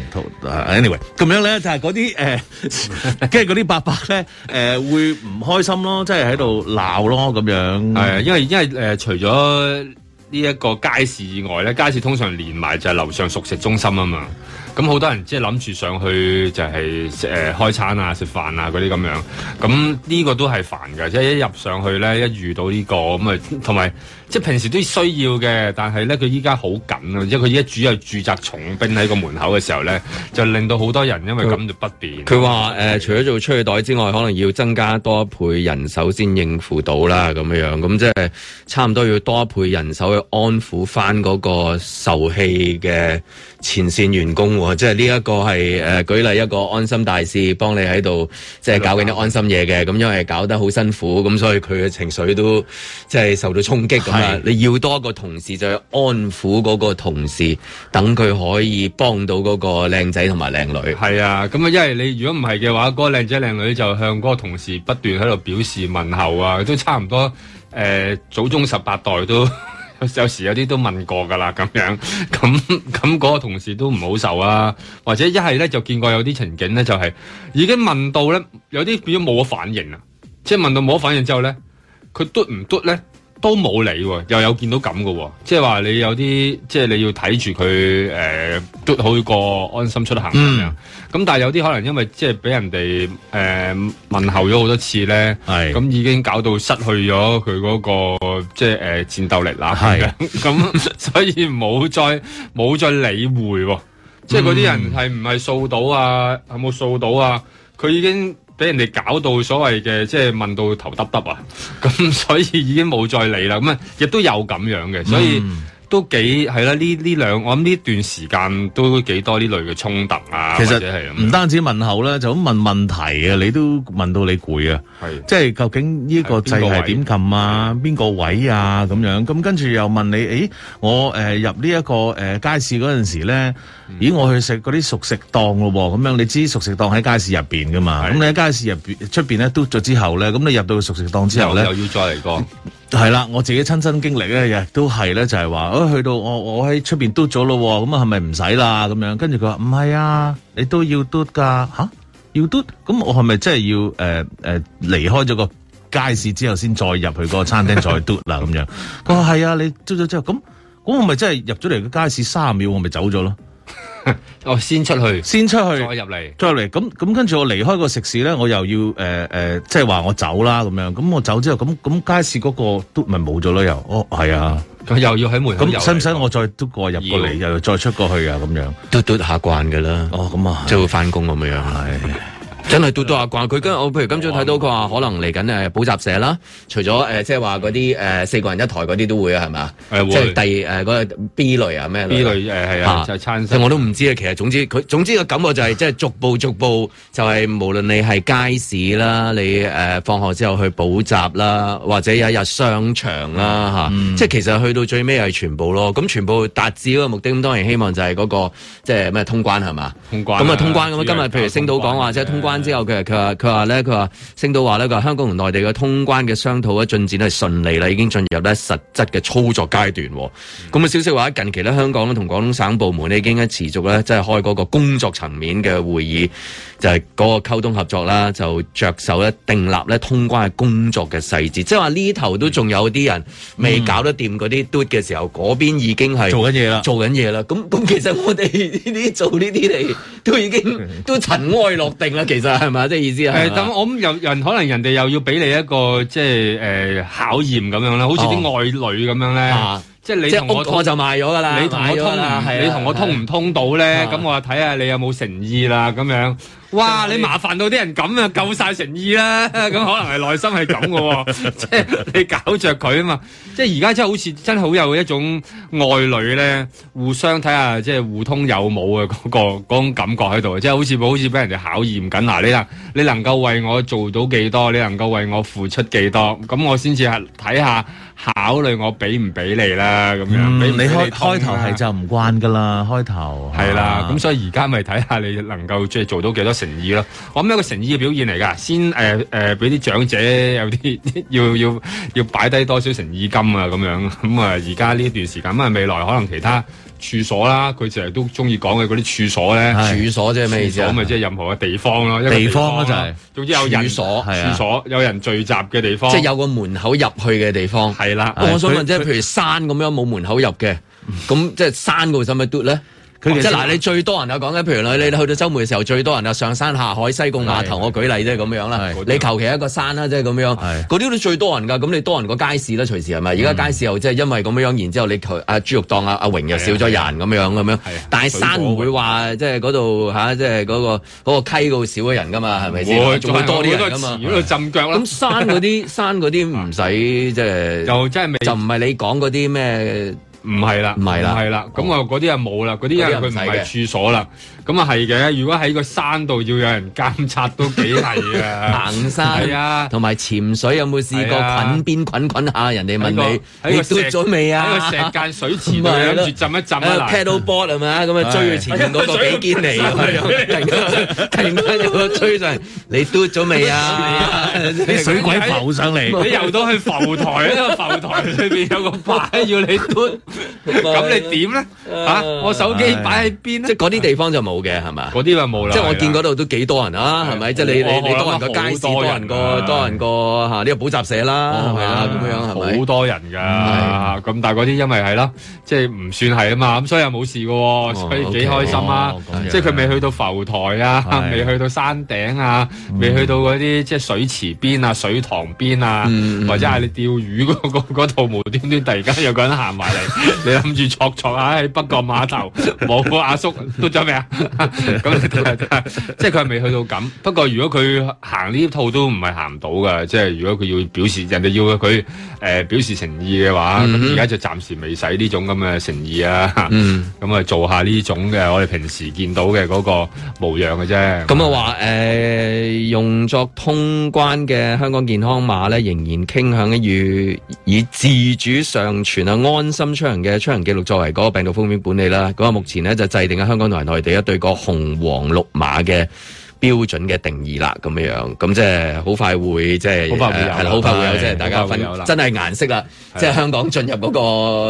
嗯、Anyway 咁樣咧，就係嗰啲誒，跟住嗰啲伯伯咧，誒、呃、會唔開心咯？即係喺度鬧咯，咁樣。係， 因為因為誒，除咗呢一個街市以外咧，街市通常連埋就係樓上熟食中心啊嘛。咁好多人即係諗住上去就係誒、呃、開餐啊食飯啊嗰啲咁樣，咁呢個都係煩噶，即係一入上去咧，一遇到呢個咁啊，同埋即係平時都需要嘅，但係咧佢依家好緊啊，即係佢依家主要住宅重兵喺個門口嘅時候咧，就令到好多人因為咁就不便。佢話誒，除咗做出去袋之外，可能要增加多一倍人手先應付到啦，咁樣咁即係差唔多要多一倍人手去安撫翻嗰個受氣嘅前線員工喎，即係呢一個係誒、呃、舉例一個安心大使，幫你喺度即係搞緊啲安心嘢嘅。咁因為搞得好辛苦，咁所以佢嘅情緒都即係受到衝擊咁啊。你要多一個同事，就安撫嗰個同事，等佢可以幫到嗰個靚仔同埋靚女。係啊，咁啊，因為你如果唔係嘅話，嗰、嗰個靚仔靚女就向嗰個同事不斷喺度表示問候啊，都差唔多誒祖宗十八代都。有時有啲都問過㗎啦，咁樣咁咁嗰個同事都唔好受啊，或者一係咧就見過有啲情景咧，就係已經問到咧有啲變咗冇咗反應啦，即係問到冇咗反應之後咧，佢嘟唔嘟咧都冇理喎，又有見到咁嘅喎。即係話你有啲即係你要睇住佢誒嘟好過安心出行咁樣。嗯。咁但係有啲可能因為即係俾人哋誒問候咗好多次咧，咁已經搞到失去咗佢嗰個即係誒戰鬥力啦。咁所以冇再冇再理會，即係嗰啲人係唔係掃到啊？有冇掃到啊？佢已經俾人哋搞到所謂嘅即係問到頭耷耷啊！咁所以已經冇再理啦。咁啊，亦都有咁樣嘅，所以。都幾係啦，呢呢、啊、兩我諗呢段時間都幾多呢類嘅衝突啊，其實係唔單止問候咧，就咁問問題啊，你都問到你攰啊，係即係究竟呢個掣係點撳啊，邊個位啊咁樣，咁跟住又問你，哎呃這個呃嗯、誒，我誒入呢一個誒街市嗰陣時咧，咦，我去食嗰啲熟食檔咯，咁樣你知熟食檔喺街市入邊噶嘛，咁你喺街市入邊出邊咧嘟咗之後咧，咁你入到熟食檔之後咧，又要再嚟講。係啦，我自己親身經歷咧，亦都係咧，就係、是、話，哦、哎，去到我我喺出邊嘟咗咯，咁啊，係咪唔使啦咁樣？跟住佢話唔係啊，你都要嘟噶，吓、啊、要嘟。是是要」咁我係咪真係要誒誒離開咗個街市之後，先再入去個餐廳再嘟啦咁 樣？佢話係啊，你嘟咗之後，咁咁我咪真係入咗嚟個街市三十秒，我咪走咗咯。哦， 先出去，先出去，再入嚟，再入嚟。咁咁，跟住我離開個食肆咧，我又要誒誒、呃呃，即係話我走啦咁樣。咁我走之後，咁咁街市嗰個都咪冇咗咯又。哦，係啊，咁、嗯、又要喺門口。咁使唔使我再都過、哦、入過嚟，又再出過去啊？咁樣，嘟嘟下慣噶啦。哦、咁、嗯、啊，即係會翻工咁樣。 真係嘟嘟啊！掛佢跟住我，譬如今早睇到佢話，可能嚟緊誒補習社啦。除咗誒，即係話嗰啲誒四個人一台嗰啲都會啊，係嘛、哎？即係第誒嗰、呃那個 B 類啊咩、啊？B 類誒、呃、啊，啊就是、餐。我都唔知啊。其實總之佢總之個感覺就係即係逐步逐步、就是，就係無論你係街市啦，你誒、呃、放學之後去補習啦，或者有一日商場啦嚇、嗯啊嗯。即係其實去到最尾係全部咯。咁全部達至嗰個目的，咁當然希望就係嗰、那個即係咩通關係嘛？通關咁啊，通關咁今日譬如星島講話即係通關。之後佢佢話佢話咧佢話升到話呢佢話香港同內地嘅通關嘅商討咧進展係順利啦，已經進入咧實質嘅操作階段。咁、嗯、啊，那個、消息話近期咧香港同廣東省部門咧已經持續咧即係開嗰個工作層面嘅會議，就係、是、嗰個溝通合作啦，就着手咧定立咧通關嘅工作嘅細節。即係話呢頭都仲有啲人未搞得掂嗰啲嘟嘅時候，嗰、嗯、邊已經係做緊嘢啦，做緊嘢啦。咁咁其實我哋呢啲做呢啲嚟，都已經都塵埃落定啦，其實。係咪？即、就、係、是、意思係。咁、嗯、我咁人，可能人哋又要俾你一個即係誒、呃、考驗咁樣啦，好似啲外女咁樣咧、哦，即係你同我，我就賣咗噶啦，你同我通唔通、啊啊、通、通到咧？咁、啊、我睇下你有冇誠意啦，咁樣。哇！你麻煩到啲人咁啊，夠晒誠意啦！咁可能係內心係咁嘅， 即係你搞着佢啊嘛！即係而家真係好似真係好有一種愛侶咧，互相睇下即係互通有冇嘅嗰個嗰種感覺喺度，即係好似好似俾人哋考驗緊。嗱，你啦，你能夠為我做到幾多？你能夠為我付出幾多？咁我先至係睇下考慮我俾唔俾你啦。咁樣、嗯、給給你，你開開頭係就唔慣噶啦，開頭係啦。咁、啊、所以而家咪睇下你能夠即係做到幾多？誠意咯，我諗一個誠意嘅表現嚟㗎，先誒誒，俾、呃、啲、呃、長者有啲要要要擺低多少誠意金啊，咁樣咁啊，而家呢段時間咁啊，未來可能其他處所啦，佢成日都中意講嘅嗰啲處所咧，處所即係咩意思啊？咁咪即係任何嘅地方咯，地方咯就係、是，總之有人處所，廁、啊、所有人聚集嘅地方，即、就、係、是、有個門口入去嘅地方，係啦、啊。我想問即係，譬如山咁樣冇門口入嘅，咁、啊、即係山嗰度使唔使嘟咧？即係嗱，你最多人啊，講緊，譬如你去到周末嘅時候最多人啊，上山下海，西貢碼頭，我舉例啫咁、即係、樣啦。你求其一個山啦，即係咁樣，嗰啲都最多人噶。咁你多人個街市啦，隨時係咪？而家街市又即係因為咁樣，然之後你啊豬肉檔啊阿榮、啊、又少咗人咁樣咁樣。是但係山唔會話即係嗰度吓，即係嗰個、嗰個嗰個溪度少咗人噶嘛？係咪先？仲會，會多啲噶嘛？咁浸腳啦。咁山嗰啲 山嗰啲唔使即係，就唔係你講嗰啲咩？唔係啦，唔係啦，咁啊嗰啲啊冇啦，嗰啲因為佢唔係處所啦。咁啊係嘅，如果喺個山度要有人監察都幾難嘅。行山啊，同埋潛水有冇試過？滾邊滾滾下，人哋問你：你嘟咗未啊？喺個成間水池度，浸一浸啊，paddle board 係咪啊？咁啊追佢前面嗰個幾堅嚟啊？突然間又追上，你嘟咗未啊？你水鬼浮上嚟，你遊到去浮台啊？浮台裏面有個牌要你嘟。咁 你點咧？吓、啊啊啊，我手機擺喺邊咧？即係嗰啲地方就冇嘅，係嘛？嗰啲咪冇啦。即係我見嗰度都幾多人啊，係咪？即係你、哦、你你多人過街市多人過多人過吓呢個補習社啦，係咪咁樣咪？好多人噶，咁、啊啊啊、但係嗰啲因為係啦，即係唔算係啊嘛，咁所以又冇事嘅，所以幾、哦、開心啊、哦 okay，哦！即係佢未去到浮台啊，未去到山頂啊、嗯，未去到嗰啲即係水池邊啊、水塘邊啊、嗯，或者係你釣魚嗰個嗰度，嗯、 無端端突然間有個人行埋嚟。 你諗住坐坐下喺北角碼頭，冇 阿叔，到咗未啊？咁 即係佢未去到咁。不過如果佢行呢一套都唔係行唔到噶，即係如果佢要表示人哋要佢誒、呃、表示誠意嘅話，咁而家就暫時未使呢種咁嘅誠意啊。咁、嗯、啊做下呢種嘅我哋平時見到嘅嗰個模樣嘅啫。咁啊話誒用作通關嘅香港健康碼咧，仍然傾向於以自主上傳啊安心出。嘅出行記錄作為嗰個病毒風險管理啦，咁、那、啊、個、目前呢，就制定喺香港同埋內地啊對個紅黃綠碼嘅馬標準嘅定義啦，咁樣，咁即係好快會即係好快會有即係大家分真係顏色啦，即係香港進入嗰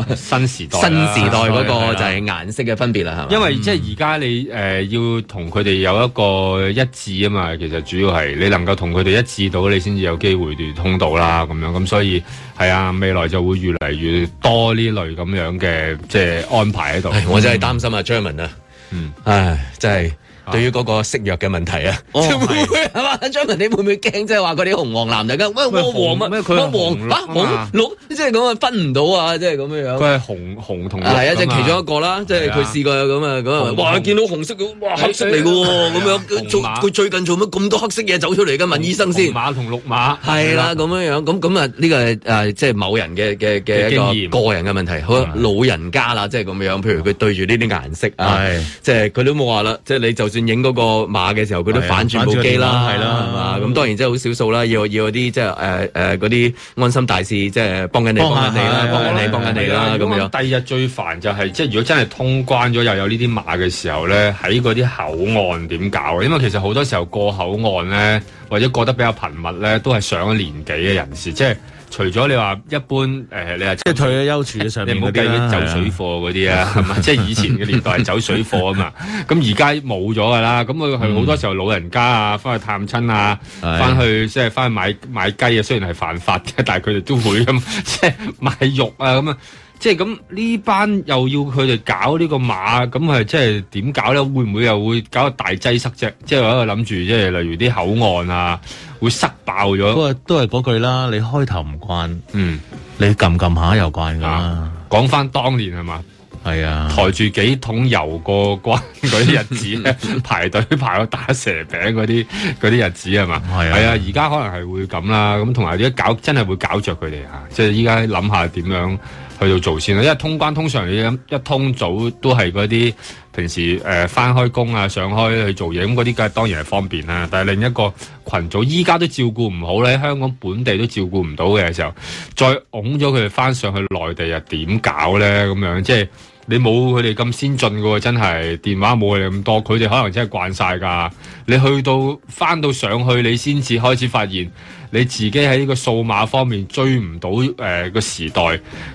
個新時代，新時代嗰個就係顏色嘅分別啦，係嘛？因為即係而家你誒要同佢哋有一個一致啊嘛，其實主要係你能夠同佢哋一致到，你先至有機會通道啦，咁樣咁，所以係啊，未來就會越嚟越多呢類咁樣嘅即係安排喺度。我真係擔心啊 Jeremy 啊，嗯，唉，真係。對於嗰個色弱嘅問題，哦 會會就是，啊，會唔會係嘛？張文你會唔會驚即係話嗰啲紅黃藍大家喂，我黃乜乜黃啊？紅綠即係咁啊，樣分唔到啊！即係咁樣樣。佢係紅紅同係啊，隻其中一個啦，啊，即係佢試過咁啊咁。哇！見到紅色嘅哇，黑色嚟噶喎，咁，啊，樣佢，啊，最近做乜咁多黑色嘢走出嚟噶？問醫生先。馬同綠馬係啦，咁樣樣咁咁啊？呢個誒即係某人嘅嘅嘅個人嘅問題，好老人家啦，即係咁樣。譬如佢對住呢啲顏色啊，即係佢都冇話啦，即係你就。算影嗰個碼嘅時候，佢都反轉部機啦，係啦，係嘛？咁當然即係好少數啦，要要啲即係誒誒嗰啲安心大事，即係幫緊你啦，幫緊你啦，幫緊你啦咁樣。第一日最煩就係即係如果真係通關咗又有呢啲碼嘅時候咧，喺嗰啲口岸點搞？因為其實好多時候過口岸咧，或者過得比較頻密咧，都係上咗年紀嘅人士，嗯，即係。除咗你話一般誒、呃，你係即係退咗休住咗上面，你唔好計嗰啲啊， 走水貨嗰啲啊，係嘛？即係以前嘅年代係走水貨啊嘛，咁而家冇咗㗎啦。咁佢係好多時候老人家啊，翻去探親啊，翻、嗯、去即係翻去買買雞啊。雖然係犯法嘅，但係佢哋都會咁即係買肉啊咁啊。即係咁，呢班又要佢哋搞呢個馬，咁係即係點搞咧？會唔會又會搞個大擠塞啫？即係我喺度諗住，即係例如啲口岸啊，會塞爆咗。都係都係嗰句啦，你開頭唔慣，嗯，你撳撳下又慣噶啦。講、啊、翻當年係嘛？係啊，抬住幾桶油過關嗰啲日子咧， 排隊排到打蛇餅嗰啲嗰啲日子係嘛，係啊，而家、啊啊、可能係會咁啦，咁同埋啲搞真係會搞着佢哋，即係依家諗下點樣去到做先啦。因為通關通常你一通早都係嗰啲平時誒、呃、翻開工啊上開去做嘢，咁嗰啲梗係當然係方便啦。但係另一個群組依家都照顧唔好咧，香港本地都照顧唔到嘅時候，再拱咗佢哋翻上去內地又點搞咧？咁樣即係。你冇佢哋咁先進㗎喎，真係電話冇佢哋咁多，佢哋可能真係慣晒㗎。你去到翻到上去，你先至開始發現。你自己喺呢個數碼方面追唔到誒個時代，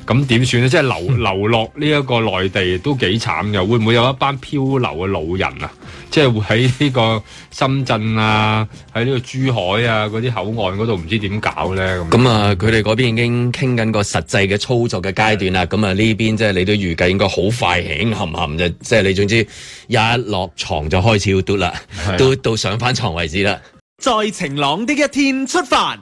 咁點算咧？即係流流落呢一個內地都幾慘嘅，會唔會有一班漂流嘅老人啊？即係會喺呢個深圳啊，喺呢個珠海啊嗰啲口岸嗰度唔知點搞咧？咁啊，佢哋嗰邊已經傾緊個實際嘅操作嘅階段啦。咁啊，呢邊即係你都預計應該好快起冚冚就即係你總之一落床就開始要嘟啦，嘟到上翻床為止啦。在晴朗的一天出發。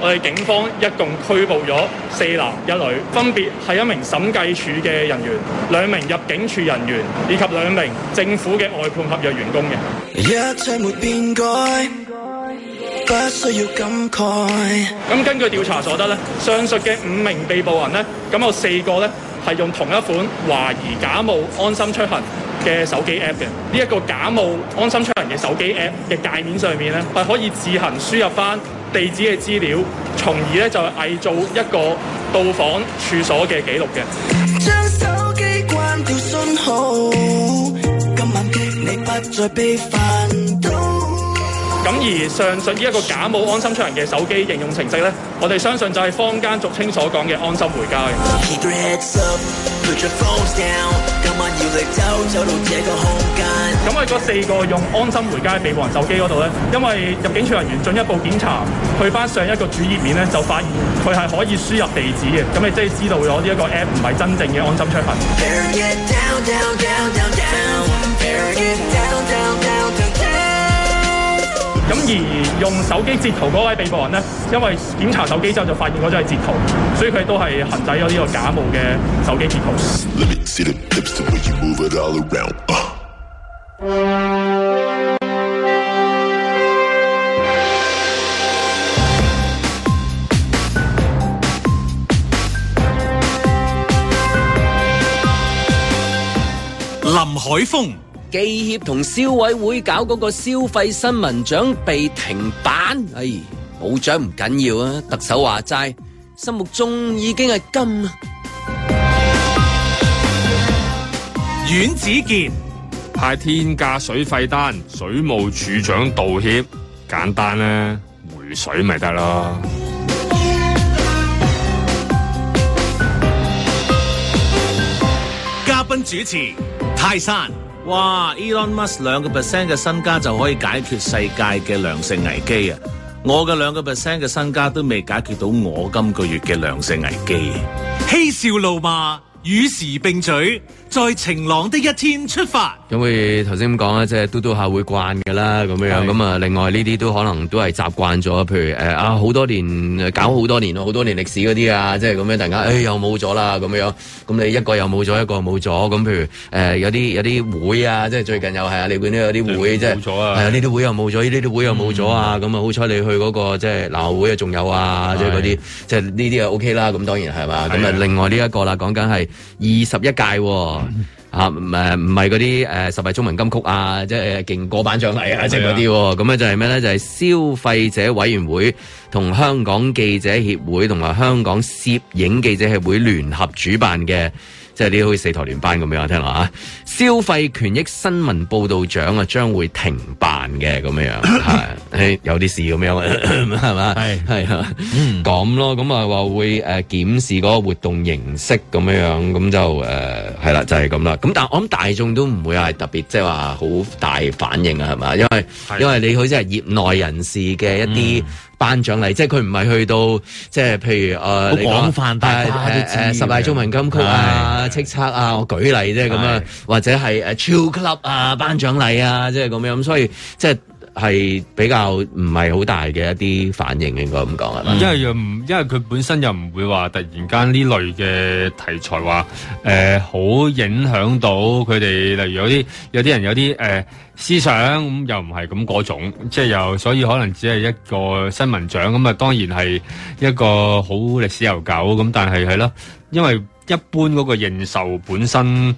我哋警方一共拘捕咗四男一女，分別係一名審計處嘅人員、兩名入境處人員以及兩名政府嘅外判合約員工嘅。一切沒變改，不需要感慨。咁根據調查所得呢，上述嘅五名被捕人呢，咁有四個呢，係用同一款懷疑假冒安心出行。嘅手機 app 嘅，呢一個假冒安心出行嘅手機 app 嘅界面上面呢，係可以自行輸入翻地址嘅資料，從而呢就係偽造一個到訪處所嘅記錄嘅。將手機關掉信號，今晚的你不再被煩到咁而上述呢一個假冒安心出行嘅手機應用程式呢，我哋相信就係坊間俗稱所講嘅安心回家嘅。咁喺嗰四個用安心回家嘅被捕人手機嗰度呢，因為入境處人員進一步檢查，去翻上一個主頁面呢，就發現佢係可以輸入地址嘅，咁你即係知道咗呢一個 App 唔係真正嘅安心出行。咁而用手機截圖嗰位被告人呢，因為檢查手機之後就發現嗰張係截圖，所以佢都係行使咗呢個假冒嘅手機截圖。Uh. 林海峰。記協同消委會搞嗰個消費新聞獎被停辦，哎，冇獎唔緊要啊！特首話齋，心目中已經係金。阮子健派天價水費單，水務署長道歉，簡單咧，回水咪得咯。嘉賓主持泰山。哇！Elon Musk 兩個 percent 嘅身家就可以解決世界嘅糧食危機啊！我嘅兩個 percent 嘅身家都未解決到我今個月嘅糧食危機。嬉笑怒罵，與時並取。在晴朗的一天出發，咁佢頭先咁講啦，即係嘟嘟下會慣嘅啦，咁樣咁啊。另外呢啲都可能都係習慣咗，譬如誒啊，好多年搞好多年，好多年，好多年歷史嗰啲啊，即係咁樣，突然間誒、哎、又冇咗啦，咁樣。咁你一個又冇咗，一個冇咗。咁譬如誒、呃、有啲有啲會啊，即係最近又係啊，就是會會嗯、你邊都有啲會，即係冇咗啊，係啊，呢啲會又冇咗，呢啲會又冇咗啊。咁啊，好彩你去嗰個即係鬧會啊，仲有啊，即係嗰啲即係呢啲啊 OK 啦，咁當然係嘛。咁啊，另外呢、這、一個啦，講緊係二十一屆喎。 啊，唔係，唔係嗰啲誒十大中文金曲啊，即係勁歌頒獎禮啊，即係嗰啲，咁咧、啊 啊、就係咩呢就係、是、消費者委員會同香港記者協會同埋香港攝影記者協會聯合主辦嘅。即係啲好似四台聯班咁樣，聽落消費權益新聞報導獎啊，將會停辦嘅咁樣係有啲事咁樣，係嘛？係係咁咯，咁 啊話、嗯、會誒檢視嗰個活動形式咁樣咁就誒係啦，就係咁啦。咁但係我諗大眾都唔會係特別即係話好大反應啊，係嘛？因為因為你好似係業內人士嘅一啲、嗯。頒獎禮，即係佢唔係去到，即係譬如誒，好廣泛大、啊啊啊，十大中文金曲啊、叱咤啊，啊，我舉例啫咁啊，或者係誒超級啊頒獎禮，啊嗯、禮啊，即係咁樣，咁所以即係。係比較唔係好大嘅一啲反應，應該咁講係嘛？因為又唔，因為佢本身又唔會話突然間呢類嘅題材話誒、呃、好影響到佢哋，例如有啲有啲人有啲誒、呃、思想咁，又唔係咁嗰種，即係又所以可能只係一個新聞獎咁啊，當然係一個好歷史悠久咁，但係係咯，因為一般嗰個認受本身。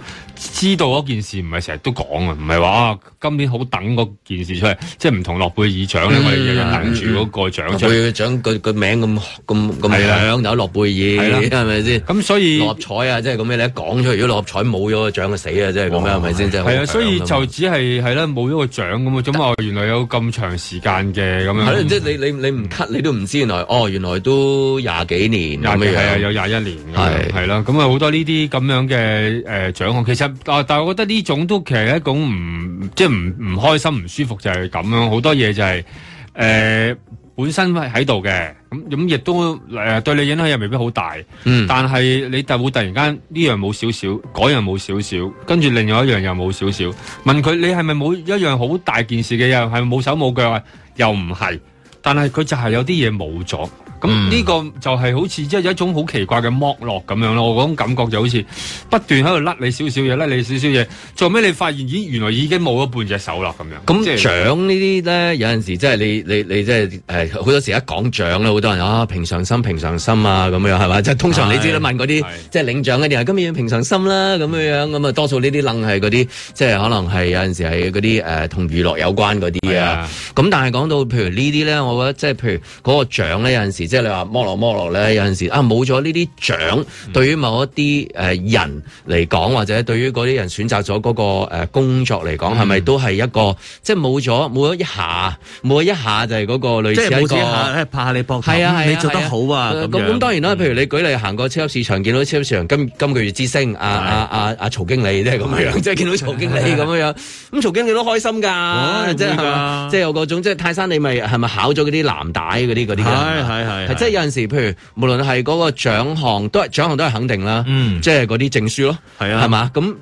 知道嗰件事唔係成日都講啊，唔係話今年好等嗰件事出嚟，即係唔同諾貝爾獎咧、嗯，我哋日日等住嗰個獎。諾、嗯、個、嗯嗯嗯嗯、名咁咁咁長就諾貝爾，係咪先？咁所以六合彩啊，即係咁樣你一講出嚟，如果六合彩冇咗個獎就死啊，即係咁樣係咪先？係、哦、啊，所以就只係係啦，冇咗個獎咁啊、嗯就是，原來有咁長時間嘅咁樣。即係你你你唔 cut 你都唔知原來哦，原來都廿幾年係啊，有廿一年係係啦，咁啊好多呢啲咁樣嘅誒、呃、獎項，其實。但但我覺得呢種都其實一種唔即係唔唔開心唔舒服就係咁樣，好多嘢就係、是、誒、呃、本身喺度嘅咁咁亦都誒、呃、對你影響又未必好大，嗯、但係你就會突然間呢樣冇少少，嗰樣冇少少，跟住另外一樣又冇少少。問佢你係咪冇一樣好大件事嘅？又係冇手冇腳啊？又唔係？但係佢就係有啲嘢冇咗。咁、嗯、呢個就係好似即係有一種好奇怪嘅剝落咁樣咯，我嗰種感覺就好似不斷喺度甩你少少嘢，甩你少少嘢，做咩？你發現咦原來已經冇咗半隻手啦咁樣。咁、嗯、獎呢啲咧，有陣時即係、就是、你你你即係誒好多時一講獎咧，好多人啊平常心平常心啊咁樣係嘛？即係、就是、通常你知啦，問嗰啲即係領獎嗰啲啊，咁要平常心啦咁樣樣，咁啊多數呢啲愣係嗰啲即係可能係有陣時係嗰啲誒同娛樂有關嗰啲啊。咁、啊、但係講到譬如呢啲咧，我覺得即係、就是、譬如嗰個獎咧有陣時。就是即係你話摩落摩落咧，有陣時啊，冇咗呢啲獎，對於某一啲誒人嚟講，或者對於嗰啲人選擇咗嗰個誒工作嚟講，係、mm. 咪都係一個即係冇咗冇咗一下冇咗一下就係嗰個類似一個拍你膊頭，係啊，啊啊啊、你做得好啊咁、啊、咁當然啦，譬、嗯、如你舉例行過超級市場，見到超市場今今個月之星，阿啊阿阿曹經理都係咁樣樣，即係見到曹經理咁樣樣，咁曹經理都開心噶，即係即係有嗰種即係泰山，你咪係咪考咗嗰啲藍帶嗰啲啲係，即係有陣時，譬如無論係嗰個獎項，都係獎項都係肯定啦。嗯，即係嗰啲證書咯，係啊，係嘛？咁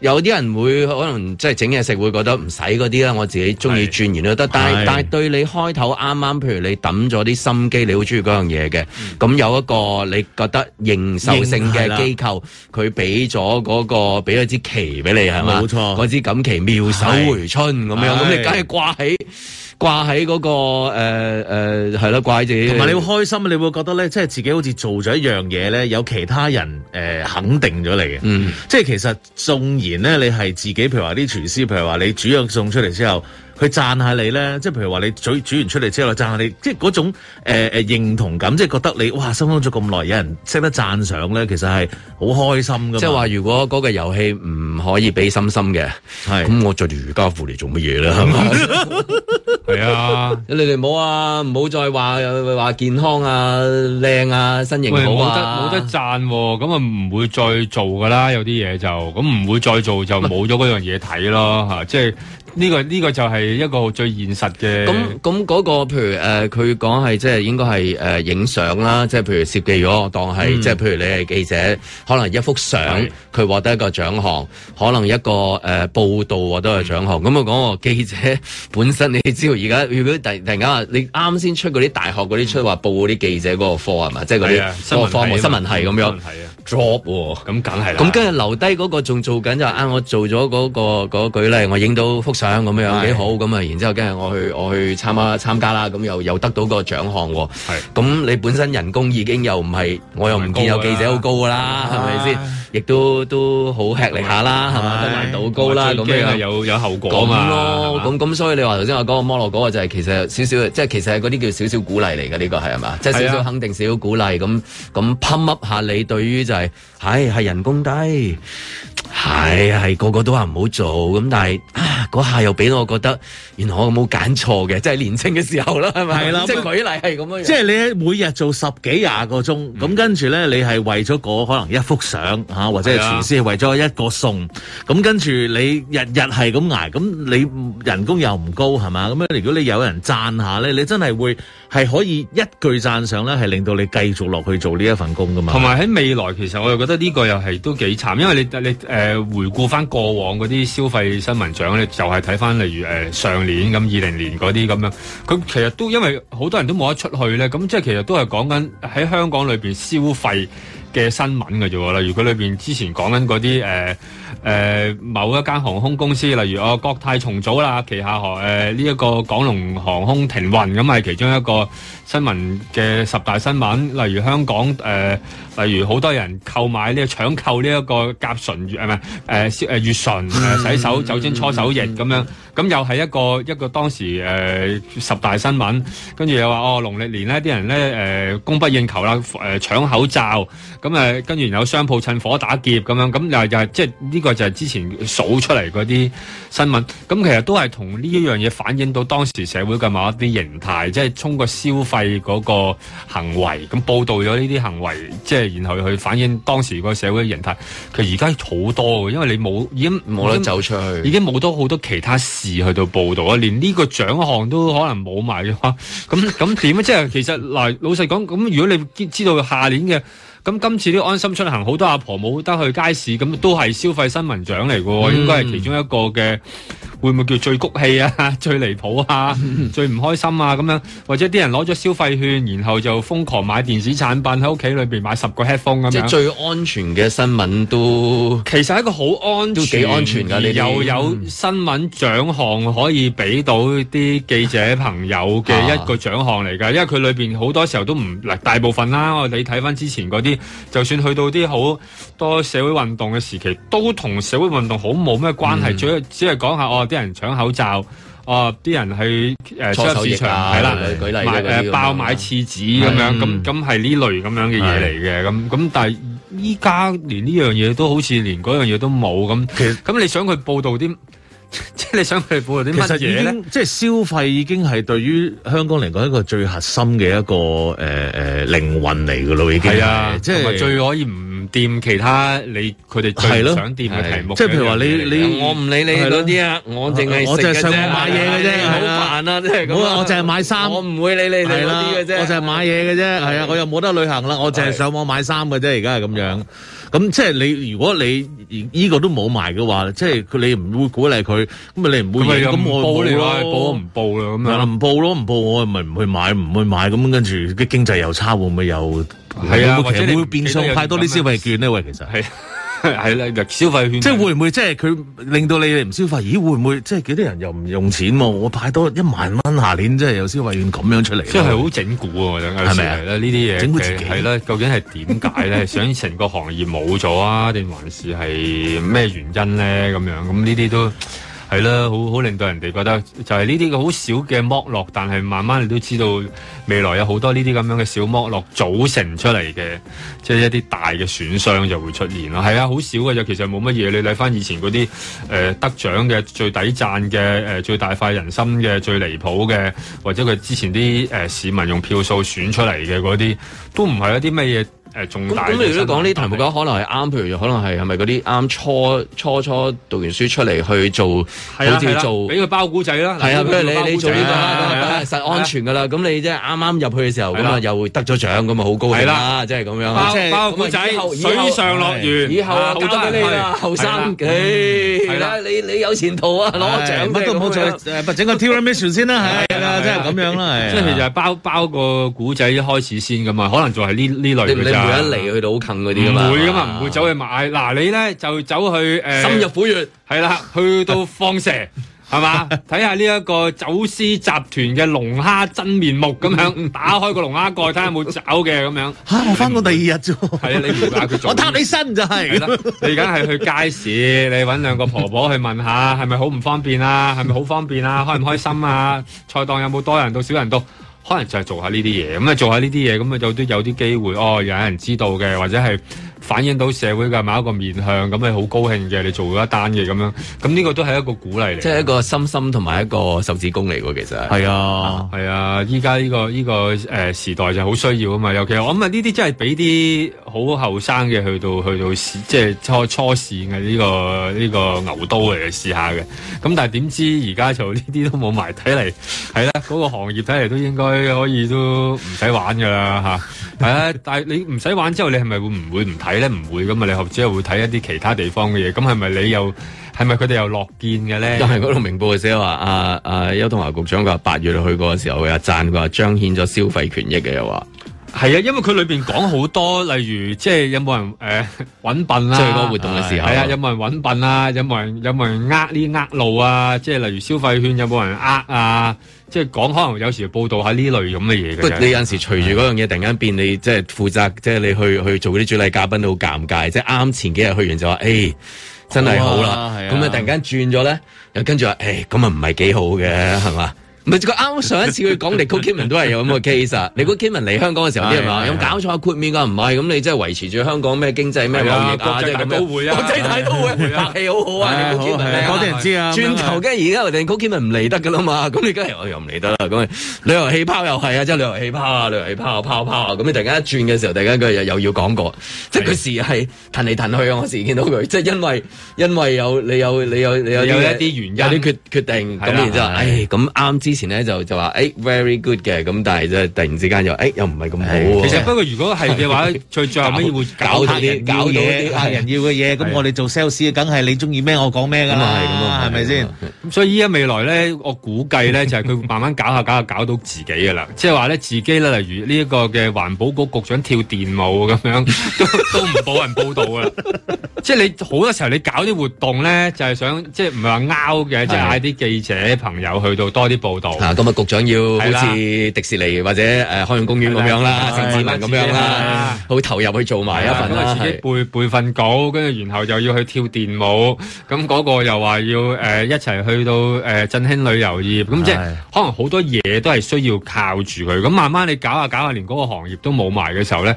有啲人會可能即係整嘢食，會覺得唔使嗰啲啦，我自己中意轉完都得。但係但係對你開頭啱啱，譬如你揼咗啲心機，你好中意嗰樣嘢嘅，咁、嗯、有一個你覺得認受性嘅機構，佢俾咗嗰個俾咗支旗俾你係嘛？冇錯，嗰支錦旗妙手回春咁樣，咁你梗係掛起。掛喺嗰個誒誒，係啦，掛喺自己同埋你會開心，你會覺得咧，即係自己好似做咗一樣嘢咧，有其他人誒、呃、肯定咗你嘅。嗯、即係其實縱然咧，你係自己，譬如話啲廚師，譬如話你煮個餸出嚟之後。佢讚下你咧，即係譬如話你煮煮完出嚟之後，讚下你，即係嗰種誒誒認同感，即係覺得你哇辛苦咗咁耐，有人識得讚賞咧，其實係好開心噶。即係話如果嗰個遊戲唔可以俾心心嘅，係咁我着住瑜伽褲嚟做乜嘢咧？係啊，你哋唔好啊，唔好再話話健康啊、靚啊、身形好啊。冇得冇得讚，咁啊唔會再做噶啦。有啲嘢就咁唔會再做，就冇咗嗰樣嘢睇咯吓，即係。呢、這個呢、這個就係一個最現實嘅。咁咁嗰個譬如誒，佢講係即係應該係誒影相啦，即係譬如攝記咗，當係、嗯、即係譬如你係記者，可能一幅相佢獲得一個獎項，可能一個誒、呃、報道獲得一個獎項。咁我講個記者本身，你知道而家如果第突然間你啱先出嗰啲大學嗰啲出話、嗯、報嗰啲記者嗰個科係咪？即係嗰啲新聞科冇新聞係咁樣。o 咁梗係啦。咁、嗯、今日留低嗰個仲做緊就啊，我做咗嗰、那個嗰、那個、舉例，我影到幅相咁樣，幾、嗯、好咁啊！然之後今日我去我去參加參加啦，咁又又得到個獎項喎。咁、嗯、你本身人工已經又唔係，我又唔見有記者好高㗎啦，係咪先？亦、啊、都都好吃力下啦，係、哎、嘛？都好高啦，咁啊有有後果咁咁所以你話頭先我講嗰個 model 嗰個就係其實少少，即、就、係、是、其實係嗰啲叫少少鼓勵嚟嘅呢個係係嘛？即係、就是、少少肯定少少鼓勵咁咁下你對於係係係人工低。係係個個都話唔好做咁，但係啊嗰下又俾我覺得，原來我冇揀錯嘅，即係年青嘅時候啦，係咪？係啦，即、嗯、係、就是、舉例係咁樣。即、就、係、是、你每日做十幾廿個鐘，咁、嗯、跟住咧，你係為咗個可能一幅相吓、嗯，或者係廚師為咗一個餸，咁、嗯、跟住你日日係咁挨，咁你人工又唔高係嘛？咁樣如果你有人讚下咧，你真係會係可以一句讚賞咧，係令到你繼續落去做呢一份工噶嘛？同埋喺未來，其實我又覺得呢個又係都幾慘，因為你你。誒回顧翻過往嗰啲消費新聞獎咧，就係睇翻例如誒上年咁二零年嗰啲咁樣，佢其實都因為好多人都冇得出去咧，咁即係其實都係講緊喺香港裏面消費嘅新聞嘅啫啦。例如佢裏面之前講緊嗰啲誒。誒某一間航空公司，例如哦國泰重組啦，旗下誒呢一個港龍航空停運，咁係其中一個新聞嘅十大新聞。例如香港誒，例如好多人購買呢個搶購呢一個甲醇誒唔係誒消誒乙醇誒洗手酒精搓手液咁樣，咁又係一個一個當時誒十大新聞。跟住又話哦，農曆年咧啲人咧誒供不應求啦，誒搶口罩，咁誒跟住有商鋪趁火打劫咁樣，咁又又即係呢？呢個就係之前數出嚟嗰啲新聞，咁其實都係同呢一樣嘢反映到當時社會嘅某一啲形態，即係通過消費嗰個行為，咁報道咗呢啲行為，即係然後去反映當時個社會形態。其實而家好多因為你冇已經冇得走出去，已經冇多好多其他事去到報道啊，連呢個獎項都可能冇埋嘅。咁咁點啊？即係其實嗱，老實講咁，如果你知道下年嘅。咁今次啲安心出行，好多阿婆冇得去街市，咁都係消費新聞獎嚟嘅喎，應該係其中一個嘅。會唔會叫最谷氣啊、最離譜啊、 最唔開心啊咁樣？或者啲人攞咗消費券，然後就瘋狂買電子產品喺屋企裏邊買十個 headphone 咁樣？即係最安全嘅新聞都，其實係一個好安全都幾安全噶，又有新聞獎項可以俾到啲記者朋友嘅一個獎項嚟噶。因為佢裏邊好多時候都唔嗱，大部分啦，我哋睇翻之前嗰啲，就算去到啲好多社會運動嘅時期，都同社會運動好冇咩關係，嗯，只只係講下我。哦啲人搶口罩，呃呃、啊，啲人去誒，超市場係啦，舉例誒，爆買廁紙咁樣，咁咁係呢類咁樣嘅嘢嚟嘅，咁咁但係依家連呢樣嘢都好似連嗰樣嘢都冇咁，其實咁你想佢報道啲，即 係你想佢報道啲乜嘢咧？即係消費已經係、就是、對於香港嚟講一個最核心嘅一個誒誒靈魂嚟噶咯，已經係啊，即係、就是、最可以唔。掂其他你佢哋最想掂嘅題目，即係譬如話你你、嗯、我唔理你嗰啲啊，我淨係食嘅啫，我淨係上網買嘢嘅啫，好煩啊，即係咁。我我淨係買衫，我唔會理你哋嗰啲嘅啫。我淨係買嘢嘅啫，係啊，我又冇得旅行啦，我淨係上網買衫嘅啫，而家係咁樣。咁即係你，如果你依個都冇埋嘅話，即係佢你唔會鼓勵佢，咁咪你唔會咁我唔報你咯，報我唔報啦，咁樣唔報咯，唔報，報我咪唔去買，唔去買咁跟住啲經濟又差，會唔會又係啊？會會其實或者會變相派多啲消費券呢，啊？喂，其實。係啦，消費券。即係會唔會，即係佢令到你哋唔消費？咦，會唔會即係幾多人又唔用錢，啊？我派多一萬蚊，下年即係有消費券咁樣出嚟，啊。即係好整蠱啊！係咪啊？呢啲嘢，係啦，究竟係點解咧？ 想成個行業冇咗啊？定還是係咩原因咧？咁樣咁呢啲都。係啦，好好令到人哋覺得就係呢啲好少嘅剝落，但係慢慢你都知道未來有好多呢啲咁樣嘅小剝落組成出嚟嘅，即係一啲大嘅損傷就會出現啦。係啊，好少嘅就其實冇乜嘢。你睇翻以前嗰啲誒得獎嘅最抵讚嘅誒最大快人心嘅最離譜嘅，或者佢之前啲誒市民用票數選出嚟嘅嗰啲，都唔係一啲乜嘢。誒咁你如果你講呢題目嘅話，可能係啱，譬如可能係係咪嗰啲啱初初初讀完書出嚟去做，啊、好似做俾佢、啊啊、包古仔啦？係啊，不、啊、如你你做呢、呢個啦、啊啊，實安全嘅啦。咁、啊、你即係啱啱入去嘅時候，咁啊又會得咗獎，咁啊好高興啦，即係咁樣。包包古仔，水上樂園、啊，以後後交俾你啦，啊、後生嘅，係啦、啊哎啊，你你有前途啊，攞、啊、獎，乜都唔好做整個 television 先啦，係、啊、啦，即係咁樣啦，即係就係包包個古仔開始先咁嘛，可能就係呢呢類一嚟去到好近嗰啲噶嘛，唔會噶嘛，唔會走去買。嗱你咧就走去誒深入虎穴，係啦，去到放蛇係嘛？睇下呢一個走私集團嘅龍蝦真面目咁樣，打開個龍蝦蓋睇下有冇爪嘅咁樣。嚇我翻到第二日啫，係啊，你解決咗。我貪你新就係，你而家係去街市，你揾兩個婆婆去問下，係咪好唔方便啊？係咪好方便啊？開唔開心啊？菜檔有冇多人到少人到？可能就係做下呢啲嘢，咁啊做下呢啲嘢，咁啊有啲有啲機會，哦，有人知道嘅或者係。反映到社會嘅某一個面向，咁你好高興嘅。你做咗一單嘅咁樣，咁呢個都係一個鼓勵嚟，即係一個心心同埋一個手指公嚟喎。其實係啊，係啊，依家呢個呢、這個誒、呃、時代就好需要啊嘛。尤其我諗啊，呢啲真係俾啲好後生嘅去到去到，去到即係初初試嘅呢個呢、這個牛刀嚟試下嘅。咁但係點知而家就呢啲都冇埋，睇嚟係啦。嗰、啊那個行業睇嚟都應該可以都唔使玩噶啦嚇。係啊， 但係你唔使玩之後，你係咪會唔會唔睇？不你呢唔會咁你後者會睇一啲其他地方嘅嘢，咁係咪你又係咪佢哋又樂見嘅呢？因為嗰度明報寫話，邱、啊啊、東華局長話，八月去過嘅時候，又讚佢話彰顯咗消費權益嘅又係啊，因為佢裏邊講好多，例如即係有冇人誒揾、呃、笨啦、啊，追哥活動嘅時候係啊，啊，有冇人揾笨啊？有冇人，有冇人呃呢呃路啊？即係例如消費券，有冇人呃啊？即係講可能有時報道下呢類咁嘅嘢。不，你有陣時隨住嗰樣嘢突然間變你，你即係負責，即、就、係、是、你去去做啲主禮嘉賓都好尷尬。即係啱前幾日去完就話，誒、哎，真係好啦，咁你、啊啊、突然間轉咗咧、啊，又跟住話，誒、哎，咁啊唔係幾好嘅，係嘛？唔就啱上一次佢講你 Kidman 都係有咁嘅 case。啊。你 Kidman 嚟香港嘅時候啲人話，有搞錯啊，豁免 Kidman 啊，唔係咁，你即係維持住香港咩經濟咩國際大都會啊？國際大都會啊，會啊啊拍戲好好啊 Kidman 啲人知啊。轉頭嘅而家我哋 Kidman 唔嚟得㗎啦嘛。咁、啊、你今係，我又唔嚟得啦。咁、啊、旅遊氣泡又係啊，即係、啊、旅遊氣泡啊，旅遊氣泡啊，泡泡啊。咁你突然間一轉嘅時候，突然間佢又又要講過，即係時係騰嚟騰去啊。我時見到佢，即因為因為有你有你有你有一啲原因，有啲決定咁，然之後，唉，咁啱之前咧就就話誒、欸、very good 嘅，咁但係即係突然之間又誒、欸、又唔係咁好，啊。其實不過如果係嘅話，最最後可以會搞下啲搞到啲客人要嘅嘢，咁我哋做 sales，梗係你中意咩我講咩啦，係咪先？咁所以依家未來咧，我估計咧就係、是、佢慢慢搞下搞下搞到自己噶啦，即係話咧自己咧例如呢一個嘅環保局局長跳電舞咁樣， 都都唔冇人報道噶啦。即 係你好多時候你搞啲活動咧，就係、是、想即係唔係話拗嘅，就嗌、是、啲、就是、記者 朋友去到多啲報道。啊！今日局長要好似迪士尼或者誒海洋公園咁樣啦，鄭志文咁樣啦，好投入去做埋一份，自己背背份稿，跟住然後又要去跳電舞，咁、那、嗰個又話要誒、呃、一齊去到誒、呃、振興旅遊業，咁即係可能好多嘢都係需要靠住佢，咁慢慢你搞下搞下，連嗰個行業都冇埋嘅時候咧。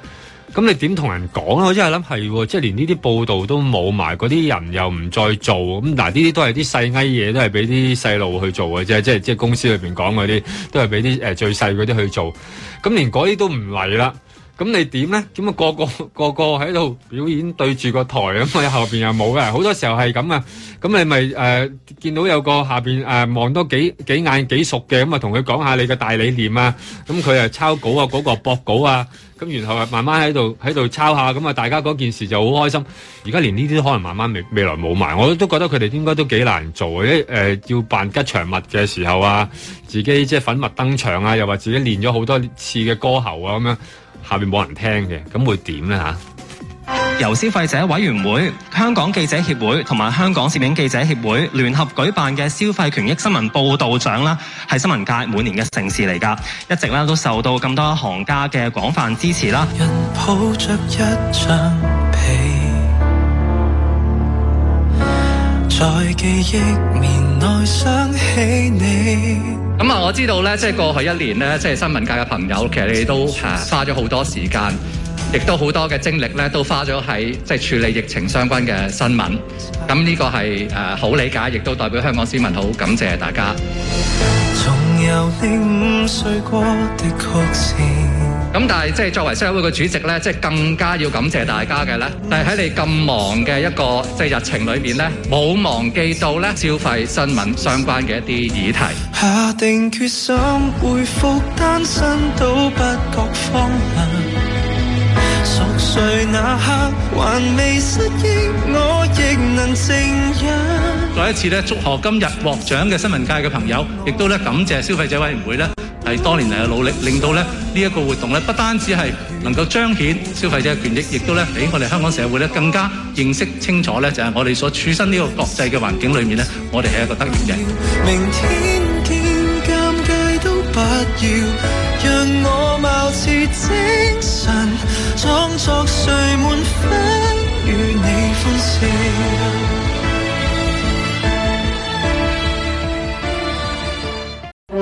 咁你點同人講啊？我真係諗係喎，即係連呢啲報道都冇埋，嗰啲人又唔再做。咁嗱，呢啲都係啲細埃嘢，都係俾啲細路去做嘅啫。即係即係公司裏面講嗰啲，都係俾啲最細嗰啲去做。咁連嗰啲都唔嚟啦。咁你點咧？咁啊個個個個喺度表演，對住個台咁你後邊又冇嘅。好多時候係咁啊。咁你咪誒、呃、見到有個下面誒望多幾幾眼幾熟嘅，咁啊同佢講下你嘅大理念啊。咁佢啊抄稿啊，嗰、那個博稿啊。咁、嗯、然後啊，慢慢喺度喺度抄下，咁、嗯、啊大家嗰件事就好開心。而家連呢啲都可能慢慢未未來冇埋，我都覺得佢哋應該都幾難做嘅。啲、呃、要扮吉祥物嘅時候啊，自己即係粉墨登場啊，又話自己練咗好多次嘅歌喉啊咁樣下面冇人聽嘅，咁會點呢？吓？由消費者委員會、香港記者協會同埋香港攝影記者協會聯合舉辦嘅消費權益新聞報道獎啦，係新聞界每年嘅盛事嚟噶，一直呢都受到咁多行家嘅廣泛支持啦。人抱在記憶面內想起你。咁啊，我知道呢，即係過去一年呢，即係新聞界嘅朋友，其實你都花咗好多時間，亦都好多嘅精力呢，都花咗喺即係處理疫情相關嘅新聞。咁呢個係誒好理解，亦都代表香港市民好感謝大家。仲有，你午睡過的曲線。咁但係即係作為消費者嘅主席咧，即係更加要感謝大家嘅咧。但係喺你咁忙嘅一個即係日程裏面咧，冇忘記到咧，消費新聞相關嘅一啲議題。下定決心，回復單身都不覺荒涼。熟睡那刻，還未失憶，我亦能靜一。再一次咧，祝賀今日獲獎嘅新聞界嘅朋友，亦都咧感謝消費者委員會咧。係多年嚟嘅努力，令到咧呢一個活動咧，不單止係能夠彰顯消費者權益，亦都咧，俾我哋香港社會咧更加認識清楚咧，就係我哋所處身呢個國際嘅環境裏面咧，我哋係一個得益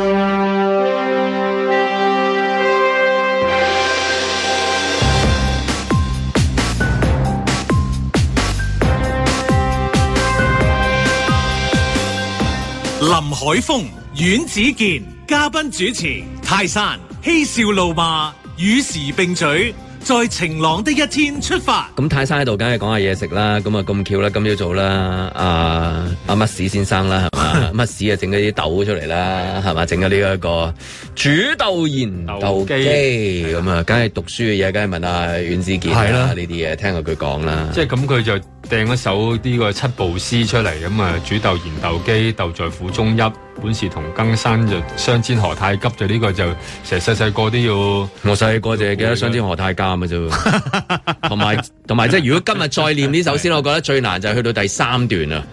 嘅。林海峰、阮子健嘉賓主持，泰山嬉笑怒罵，與時並舉。在晴朗的一天出發，咁泰山喺度，梗係講下嘢食啦。咁啊，咁巧啦，今要做啦。阿阿乜史先生啦，乜史啊，整咗啲豆出嚟啦，係 嘛，整咗呢一個煮豆燃豆機。咁啊，梗係讀書嘅嘢，梗係問阿、啊、阮志健係啦，呢啲嘢聽過佢講啦。即係咁，佢、嗯、就掟咗首呢個七步詩出嚟。咁啊，煮豆燃豆機，豆在釜中泣。本是同根生，就相煎何太急。就呢、這個就成細細個都要我，細個就記得相煎何太監咪啫，同埋同埋即係如果今日再念呢首詩， 我覺得最難就係去到第三段啊，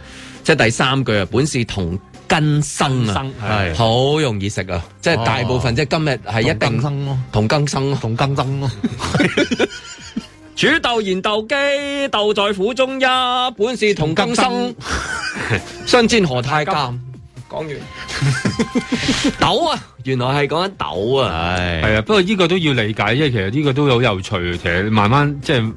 即係第三句啊，本是同根生啊，係好容易食啊，哦、即係大部分即係今日係一定同根生、啊、同根生咯、啊，生啊、 煮豆燃豆萁豆在釜中呀本是同根生，相煎 何太監。講完 豆啊，原來係講緊豆啊，係啊，不過呢個都要理解，因為其實呢個都好有趣。其實慢慢即係、就是、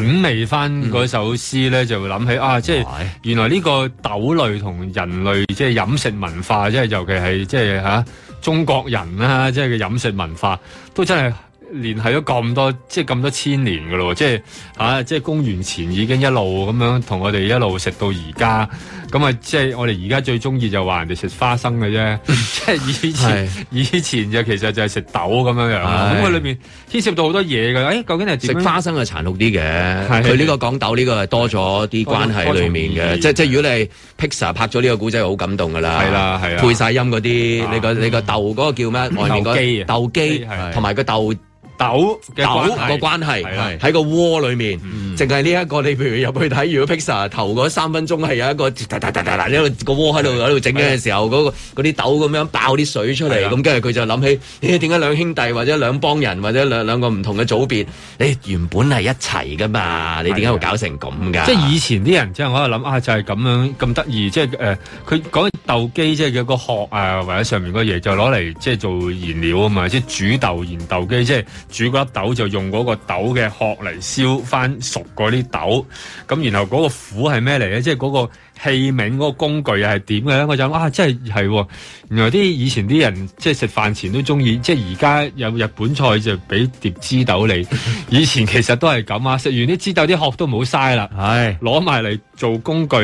品味翻嗰首詩咧、嗯，就會諗起啊，即、就、係、是、原來呢個豆類同人類即係飲食文化，即、就、係、是、尤其係即係吓中國人啊即係嘅飲食文化都真係。聯繫咗咁多，即係咁多千年噶咯，即係吓、啊，即係公元前已經一路咁樣同我哋一路食到而家，咁啊，即係我哋而家最中意就話人哋食花生嘅啫，即 係以前以前就其實就係食豆咁樣樣，咁佢裡面，牽涉到好多嘢嘅、哎。究竟係食花生係殘酷啲嘅？佢呢個講豆呢個係多咗啲關係裡面嘅，即係即係如果你係 Pixar 拍咗呢個古仔，好感動噶啦，係啦係啦，配晒音嗰啲，你、啊、你，你個你、嗯嗯、個豆嗰個叫咩？外面豆機豆機，同埋個豆。豆嘅豆個關係，係喺個鍋裏面，淨係呢一個。你譬如入去睇，如果 Pixar 頭嗰三分鐘係有一個嗒嗒嗒嗒嗱，打打打打個鍋喺度喺度整嘅時候，嗰、那個嗰啲豆咁樣爆啲水出嚟，咁跟住佢就諗起，誒、欸，點解兩兄弟或者兩幫人或者兩兩個唔同嘅組別，誒，原本係一齊噶嘛？你點解會搞成咁噶？即係、就是、以前啲人即係我喺度諗，啊，就係、是、咁樣咁得意，即係誒，佢講豆機，即、呃、係、就是、有個殼啊，或者上面個嘢就攞嚟即係做燃料啊嘛，即、就、係、是、煮豆，燃豆、研豆機，即係。煮粒豆就用嗰個豆嘅殼嚟燒翻熟嗰啲豆，咁然後嗰個釜係咩嚟咧？即係嗰個器皿嗰個工具又係點嘅咧？我就諗啊，真係係，原來啲以前啲人即係食飯前都中意，即係而家有日本菜就俾碟枝豆嚟， 以前其實都係咁啊！食完啲枝豆啲殼都唔好嘥啦，係攞埋嚟做工具，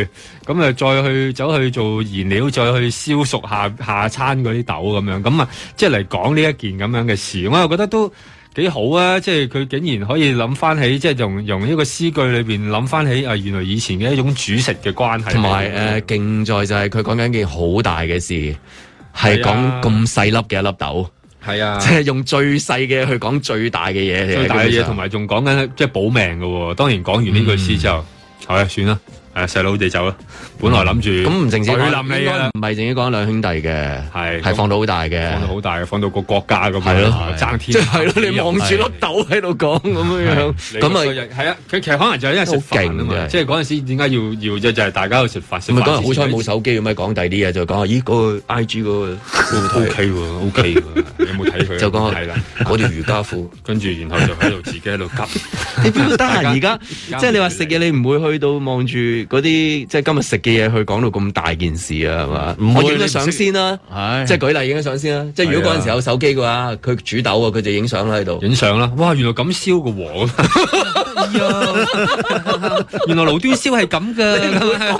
咁啊再去走去做燃料，再去燒熟下下餐嗰啲豆咁樣，咁啊即係嚟講呢一件咁樣嘅事，我又覺得都。幾好啊！即係佢竟然可以諗翻起，即係用用一個詩句裏邊諗翻起啊！原來以前嘅一種主食嘅關係，同埋誒，勁、啊、在就係佢講緊件好大嘅事，係講咁細粒嘅一粒豆，係啊，即、就、係、是、用最細嘅去講最大嘅嘢，最大嘅嘢，同埋仲講緊即係保命喎。當然講完呢句詩之後，係、嗯、啊，算啦。誒、啊，細佬哋走啦，本來諗住咁唔淨止佢諗你噶，唔係淨止講兩兄弟嘅，係係放到好大嘅，放到好大嘅，放到個國家咁樣，爭天。即係咯，你望住粒豆喺度講咁樣樣，咁啊係啊，佢其實可能就係因為勁啊嘛，即係嗰陣時點解要要即係大家食飯？唔係嗰陣時好彩冇手機，咁咪講第二啲嘢，就講啊，咦，嗰、那個 I G 嗰、那個 O K 喎，O K 喎，你有冇睇佢？就講係啦，嗰條瑜伽褲，跟住然後就喺度自己喺度急。你邊個得閒而家？即係你話食嘢，你唔會去到望住。嗰啲即係今日食嘅嘢，去講到咁大件事啊，係嘛？我影咗相先啦，即係舉例影咗相先啦。即係如果嗰陣時有手機嘅話，佢煮豆啊，佢就影相啦喺度。影相啦，哇，原來咁燒個黃， 哎、喲 原來爐端燒係咁噶，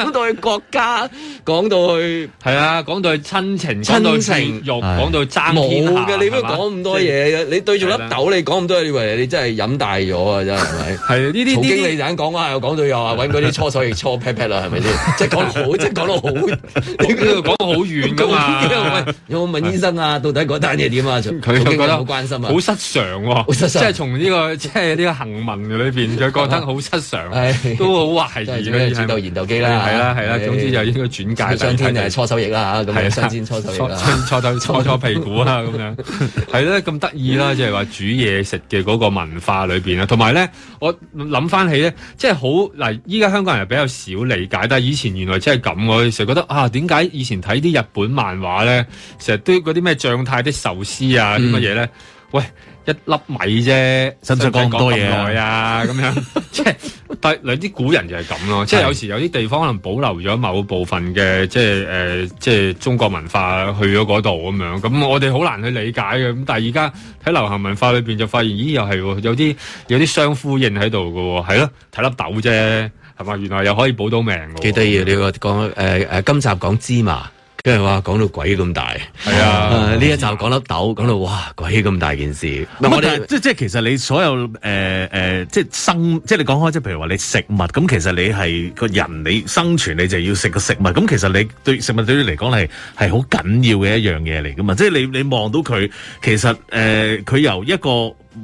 講到去國家，講、啊、到去係啊，講到去親情，親情肉，講到爭天下冇嘅，你唔好講咁多嘢、啊、你對住粒豆，你講咁多，你以為你真係飲大咗啊，真係咪？係呢啲曹經理就咁講啊，又講到又話搵嗰啲搓手液搓。我劈劈啦，係咪先？即係講得好，即係講得好、啊，你喺講得好遠噶嘛？有冇問醫生啊？ 到底嗰單嘢點啊？佢都覺得好關心啊，好失常喎、啊啊，即係從呢個 即係呢個行文裏邊，再 覺得好失常， 都好懷懷疑。轉到研究機啦，係 啦，係啦，總之就應該轉介。上天就係搓手液啦，咁啊，上天搓手液。搓搓搓搓屁股啦，咁樣係咧，咁得意啦，即係話煮嘢食嘅嗰個文化裏邊啊，同埋咧。我諗翻起咧，即係好嗱，依家香港人比較少理解，但係以前原來真係咁，我成日覺得啊，點解以前睇啲日本漫畫咧，成日都嗰啲咩狀態啲壽司啊啲乜嘢咧？喂，一粒米啫，使唔使講咁多嘢啊？咁樣 即係。但你啲古人就係咁咯，即係有時有啲地方可能保留咗某部分嘅即係、呃、即係中國文化去咗嗰度咁樣，咁我哋好難去理解嘅。咁但係而家喺流行文化裏面就發現，咦又係喎，有啲有啲相呼應喺度嘅喎，係咯，睇粒豆啫，係嘛？原來又可以保到命喎。幾得意！你個講誒誒、呃、今集講芝麻。即係話講到鬼咁大，係、哎、啊！呢一集講粒豆，講到哇鬼咁大件事。但我哋即即係其實你所有誒誒、呃呃，即係生，即係你講開，即係譬如話你食物咁，其實你係個人，你生存你就要食個食物。咁其實你對食物對你嚟講係係好緊要嘅一樣嘢嚟噶嘛。即係你你望到佢，其實誒佢、呃、由一個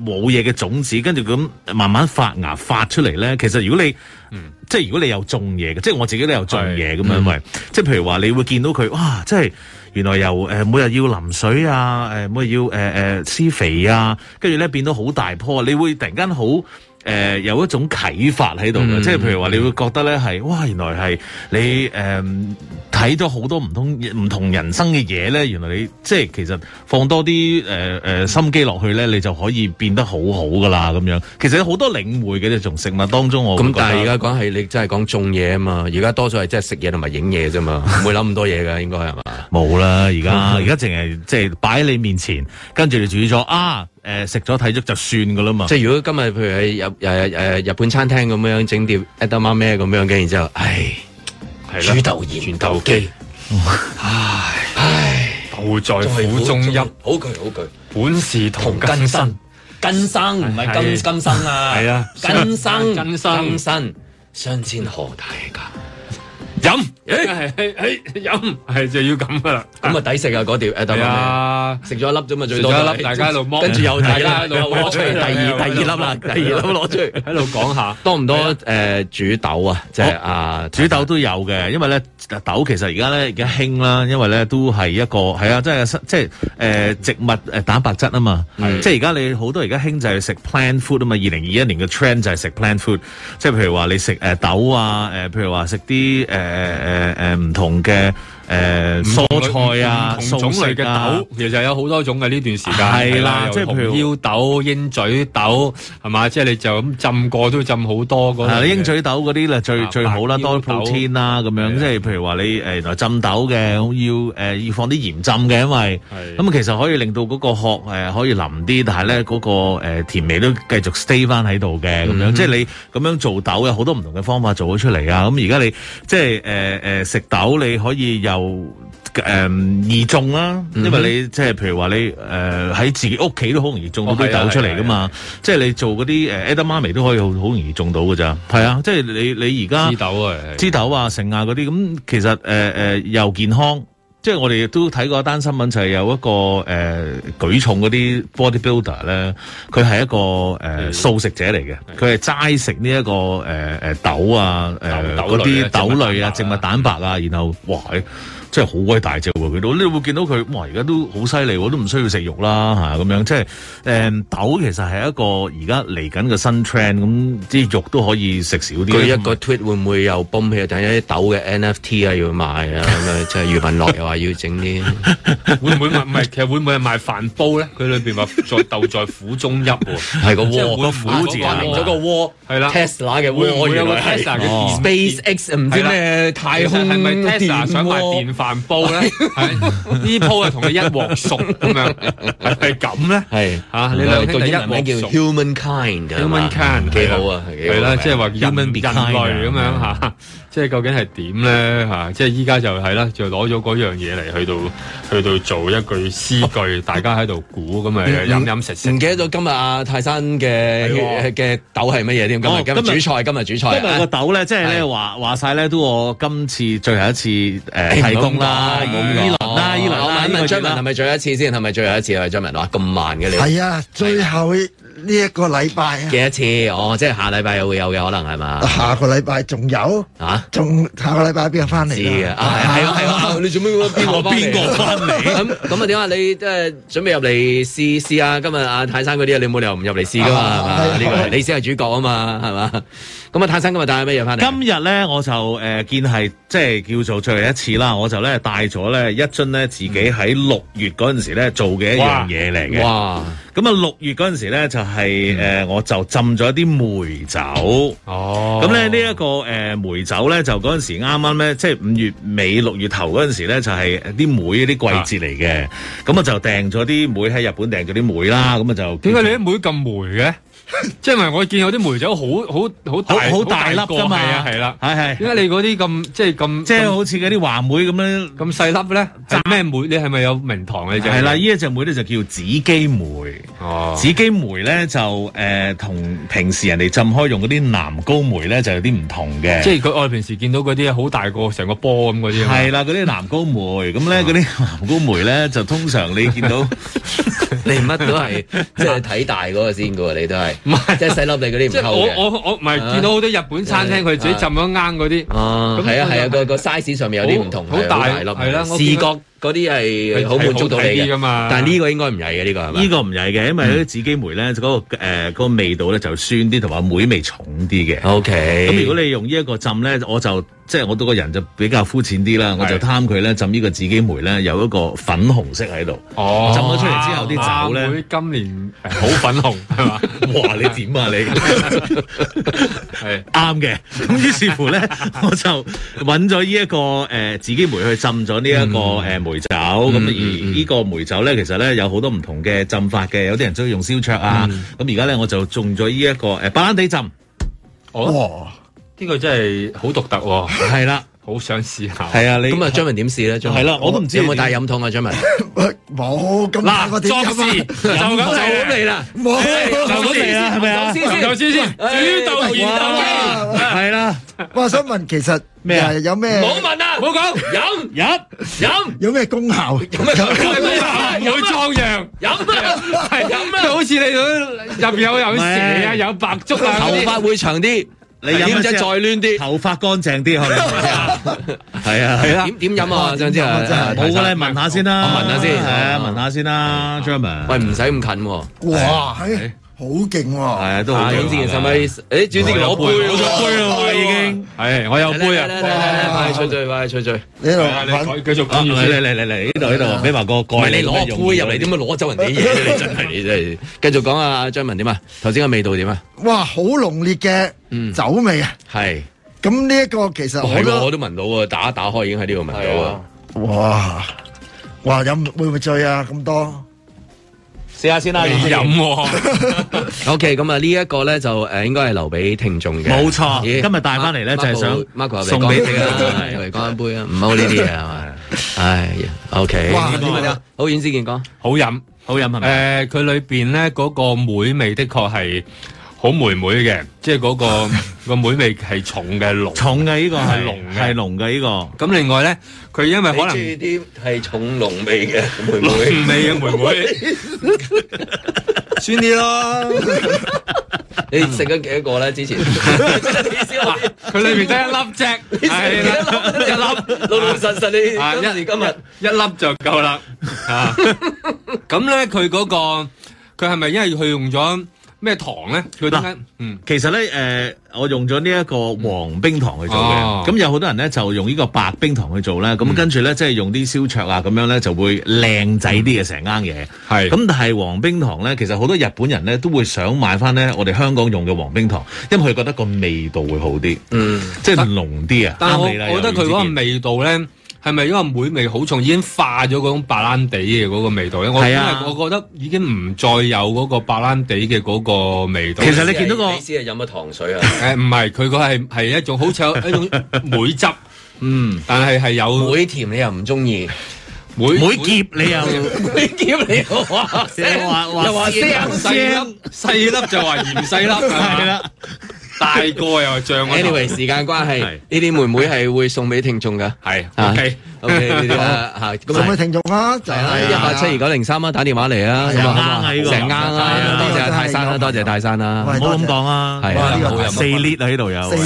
冇嘢嘅種子，跟住咁慢慢發芽發出嚟咧。其實如果你嗯即是，即係如果你有種嘢嘅，即係我自己都有種嘢咁樣，因、嗯、即係譬如話你會見到佢，哇！即係原來又誒、呃，每日要淋水啊，誒、呃，每日要誒誒施肥啊，跟住咧變到好大棵，你會突然間好。誒、呃，有一種啟發喺度嘅，即係譬如話你會覺得咧係，哇，原來係你誒睇咗好多唔同唔同人生嘅嘢咧，原來你即係其實放多啲誒誒心機落去咧，你就可以變得好好噶啦咁樣。其實有好多領會嘅，即係從食物當中我咁。但係而家講係你真係講種嘢啊嘛，數是是而家 多咗係真係食嘢同埋影嘢啫嘛，唔會諗咁多嘢噶，應該係嘛？冇啦，而家而家淨係即係擺喺你面前，跟住你煮咗啊。誒，食咗體足就算噶啦嘛！即係如果今日譬如喺日誒誒日本餐廳咁樣整碟 edamame 咁樣嘅，然之後，唉，煮豆燃、哎，豆萁，唉唉、哎，豆在釜中泣，好句好句，本是同，同根生，根生唔係金金生啊，係啊，根生根生根生，相煎何太急。飲，誒係飲，係就要咁噶啦。咁啊抵食啊嗰碟，誒豆豆，食咗一粒啫嘛，最多一粒。大家喺度摸，跟住又大啦。喺度攞出嚟。第二第二粒啦，第二粒攞、啊啊啊啊、出嚟，喺度講下多唔多誒、啊呃？煮豆啊，即、就、係、是哦、啊，煮豆都有嘅，因為咧豆其實而家咧而家興啦，因為咧都係一個係啊，即係即係誒植物誒蛋白質啊嘛，即係而家你好多而家興就係食 plant food 啊嘛。二零二一年嘅 trend 就係食 plant food，即係譬如話你食誒、呃、豆啊，誒、呃、譬如話食啲誒。呃誒誒誒，唔同嘅。誒、呃，蔬菜啊，唔同種類嘅豆、啊，其實有好多種嘅呢段時間係啦，是是即係譬如腰豆、鷹嘴豆，係嘛、就是啊啊，即係你就咁浸過都浸好多個。鷹嘴豆嗰啲咧最最好啦，多 protein 啦，咁樣，即係譬如話你誒，原來浸豆嘅要誒、呃、要放啲鹽浸嘅，因為咁其實可以令到嗰個殼誒、呃、可以淋啲，但係咧嗰個誒甜味都繼續 stay 翻喺度嘅，咁樣，嗯、即係你咁樣做豆有好多唔同嘅方法做咗出嚟啊，咁而家你即係誒誒食豆你可以有。就、嗯、誒易種啦，因為你即係譬如話你誒喺、呃、自己屋企都好容易種到啲豆出嚟噶嘛，哦啊啊啊啊、即係你做嗰啲誒 Ada 媽咪都可以好好容易種到噶咋，係啊，即係你你而家枝豆啊，枝、啊、豆啊，成啊嗰啲咁，其實誒誒、呃呃、又健康。即係我哋亦都睇過一單新聞，就係、是、有一個誒、呃、舉重嗰啲 bodybuilder 咧，佢係一個誒、呃、素食者嚟嘅，佢係齋食呢一個誒誒、呃、豆啊，誒嗰啲豆類，豆類啊，啊，植物蛋白啊、嗯、然後哇佢即係好鬼大隻喎，佢都你會見到佢哇！而家都好犀利，喎，都唔需要食肉啦，咁、啊、樣。即係誒、嗯，豆其實係一個而家嚟緊嘅新 trend，咁啲肉都可以食少啲。佢一個 tweet 是是會唔會又 boom 起、 啊？就係啲豆嘅 NFT 啊，要賣呀，即係余文樂又話要整啲，會唔會唔係，其實會唔會係賣飯煲呢？佢 裏面話在豆在釜中泣，係個鍋個釜字啊，咗、啊那個鍋係、啊那個啊哦、啦。Tesla 嘅會唔會有 Tesla 嘅 Space X 唔知咩太空？其實係咪 Tesla 想賣電？飯煲咧， 呢鋪係同佢一鑊熟咁樣，係係咁咧，係、啊、嚇你兩兄弟一鑊叫 human kind，human kind 幾好、嗯好，好嗯、啊，係啦，即係話 human 人類咁樣嚇。即係究竟係點咧吓？即係依家就係啦，就攞咗嗰樣嘢嚟去到去到做一句詩句，大家喺度估咁啊，飲飲食食。唔記得到今日阿泰山嘅嘅、啊、豆係乜嘢添？今日、哦、今日主菜，今日主菜。今日、啊、個豆咧，即係咧話話晒咧，都我今次最後一次誒、呃、提供啦，依輪啦，依輪我問一問張文係咪最後一次先？係咪最後一次，係咪最後一次係咪張？張文話咁慢嘅你。係啊，最後呢一個禮拜。幾多次哦，即係下禮拜又會有嘅可能係嘛？下個禮拜仲有啊？仲下個禮拜邊個翻嚟啊？係啊係、 呃啊，啊，這個、啊，你做咩邊個邊個翻嚟？咁咁啊？點啊？你即係準備入嚟試試啊？今日阿泰山嗰啲啊，你冇理由唔入嚟試噶嘛？係嘛？呢個你先係主角啊嘛？係 嘛？咁啊，泰生今日帶咗咩嘢翻嚟？今日咧，我就誒、呃、見係即係叫做最後一次啦，我就咧帶咗咧一樽咧自己喺六月嗰陣時咧做嘅一樣嘢嚟嘅。哇！咁啊，六月嗰陣時咧就係、是、誒、嗯，我就浸咗啲梅酒。哦！咁咧呢一、這個誒、呃、梅酒咧，就嗰陣時啱啱咧，即係五月尾六月頭嗰陣時咧，就係啲梅啲季節嚟嘅。咁啊，就訂咗啲梅喺日本訂咗啲梅啦。咁、嗯、啊就點解你啲梅咁梅嘅？即係因為我見有啲梅酒好好好大好大粒噶嘛，係啊，係啦，係係。點解你嗰啲咁即係咁？即係好似嗰啲話梅咁樣咁細粒咧？浸咩梅？你係咪有名堂嘅？係啦，呢一隻梅咧就叫紫姬梅。哦，紫姬梅咧就誒同平時人哋浸開用嗰啲南高梅咧就有啲唔同嘅。即係佢，我平時見到嗰啲好大個成個波咁嗰啲。係啦，嗰啲南高梅咁咧，嗰啲南高梅咧就通常你見到你乜都係即係睇大嗰個先噶，你都係。唔係、啊，即係細粒嚟嗰啲，即係我我我唔係、啊、見到好多日本餐廳佢、啊、自己浸咗啱嗰啲，哦，係啊係啊，個個 size 上面有啲唔同，好、啊、大粒的，係啦、啊，我。嗰啲係好滿足到你噶嘛？但呢個應該唔係嘅，呢、這個係嘛？呢、這個唔係嘅，因為啲紫金梅咧、那個，嗰、嗯呃那個誒嗰味道咧就酸啲，同埋梅味重啲嘅。O K，咁如果你用呢一個浸咧，我就即係、就是、我對個人就比較膚淺啲啦，我就貪佢咧浸個呢個紫金梅咧有一個粉紅色喺度。哦，浸咗出嚟之後啲、哦、酒咧，今年好 粉紅係嘛？ 哇！你點啊你？係啱嘅。咁於是乎咧， 我就揾咗呢一個誒紫金梅去浸咗呢一個、嗯呃梅、嗯嗯嗯、酒，咁而呢個梅酒咧，其實咧有好多唔同嘅浸法嘅，有啲人鍾意用燒灼啊，咁而家咧我就中咗呢一個誒白蘭地浸、哦，哇！呢、這個真係好獨特喎、啊，係啦。好想試下，係啊！你咁啊，張文點試咧？張文係咯，我都唔知有冇帶飲筒啊，張文冇咁嗱，壯士就咁就攞嚟啦，頭先先，頭先先，主導言導機，係啦。我想問其實咩啊？有咩好問啊？冇講飲飲飲，有咩功效？飲咩功效？有壯陽，飲啊，係飲啊，好似你嗰入邊有有蛇啊，有白竹啊，頭髮會長啲。你飲之再攣啲，頭髮乾淨啲，係 是 啊係啊,啊，點點飲啊張之啊好、啊啊啊啊啊啊啊啊。我咧，聞下先啦，聞下先，係啊聞下先啦、啊，張、啊、明，啊、German, 喂唔使咁近喎、啊，哇係。好勁喎！係啊，都好勁。轉自然誒，轉自攞杯攞杯啊！已經係，我有杯啊！快吹喂，快吹醉！呢度啊，你改繼續講先。嚟嚟呢度呢度，俾埋個蓋。唔你攞杯入嚟，點樣攞走人哋嘢？真係真係。繼續講啊，張文點啊？頭先個味道點啊？哇，好濃烈嘅酒味啊！係。咁呢一個其實我都聞到喎。打一打開已經喺呢度聞到啊！哇，哇飲會唔會醉啊？咁多？ 試下先啦，啊，好飲，啊。O K，咁啊呢一個咧就誒，應該係留俾聽眾嘅。冇錯，哎，今日帶翻嚟咧就係、是，想 Marco, Marco, 講、啊、送俾你嚟乾一杯啊。唔好呢啲嘢係咪？ 啊、 唉，O K。Okay、啊？好，尹之健講，好飲，好飲係咪？誒、呃，佢裏邊咧嗰個梅味的確係。好妹妹嘅，即係嗰個妹味係重嘅濃，重嘅呢個係濃嘅，係濃嘅呢個。咁另外咧，佢因為可能啲係重濃味嘅妹妹，唔味嘅妹妹，酸啲咯。你食咗幾多個咧？之前佢裏邊得一粒只，係啦，一粒老老實實你。啊，一年今日一粒就夠啦。啊，咁咧佢嗰個佢係咪因為佢用咗？咩糖咧？佢點解？嗯，其實咧，誒、呃，我用咗呢一個黃冰糖去做嘅，咁、嗯啊、有好多人咧就用呢個白冰糖去做咧，咁跟住咧即係用啲燒灼啊，咁樣咧就會靚仔啲嘅成間嘢，係、嗯。咁但係黃冰糖咧，其實好多日本人咧都會想買翻咧，我哋香港用嘅黃冰糖，因為佢覺得個味道會好啲，嗯，即係濃啲啊。但係我我覺得佢嗰個味道咧。係咪因為梅味好重，已經化咗嗰種白蘭地嘅嗰個味道咧？我真、啊、我覺得已經唔再有嗰個白蘭地嘅嗰個味道。其實你見到個意思係飲咗糖水啊？誒 哎，唔係，佢個係係一種好似有一種梅汁，嗯，但係係有梅甜，你又唔中意，梅梅，梅劫你又梅澀，你又話 又話細粒，細 粒就話鹽細粒，係啦。大個又脹啊！Anyway，時間關係，呢啲妹妹係會送俾聽眾㗎，係 OK，OK 呢啲送俾聽眾啊，就係一八七二九零三啊，啊啊啊啊啊啊2903，打電話嚟啊，啱啊，呢、啊這個成啱啦，多謝阿泰山啦、啊這個，多謝泰山啦，唔好咁講啊，係、這、呢個四列喺度有，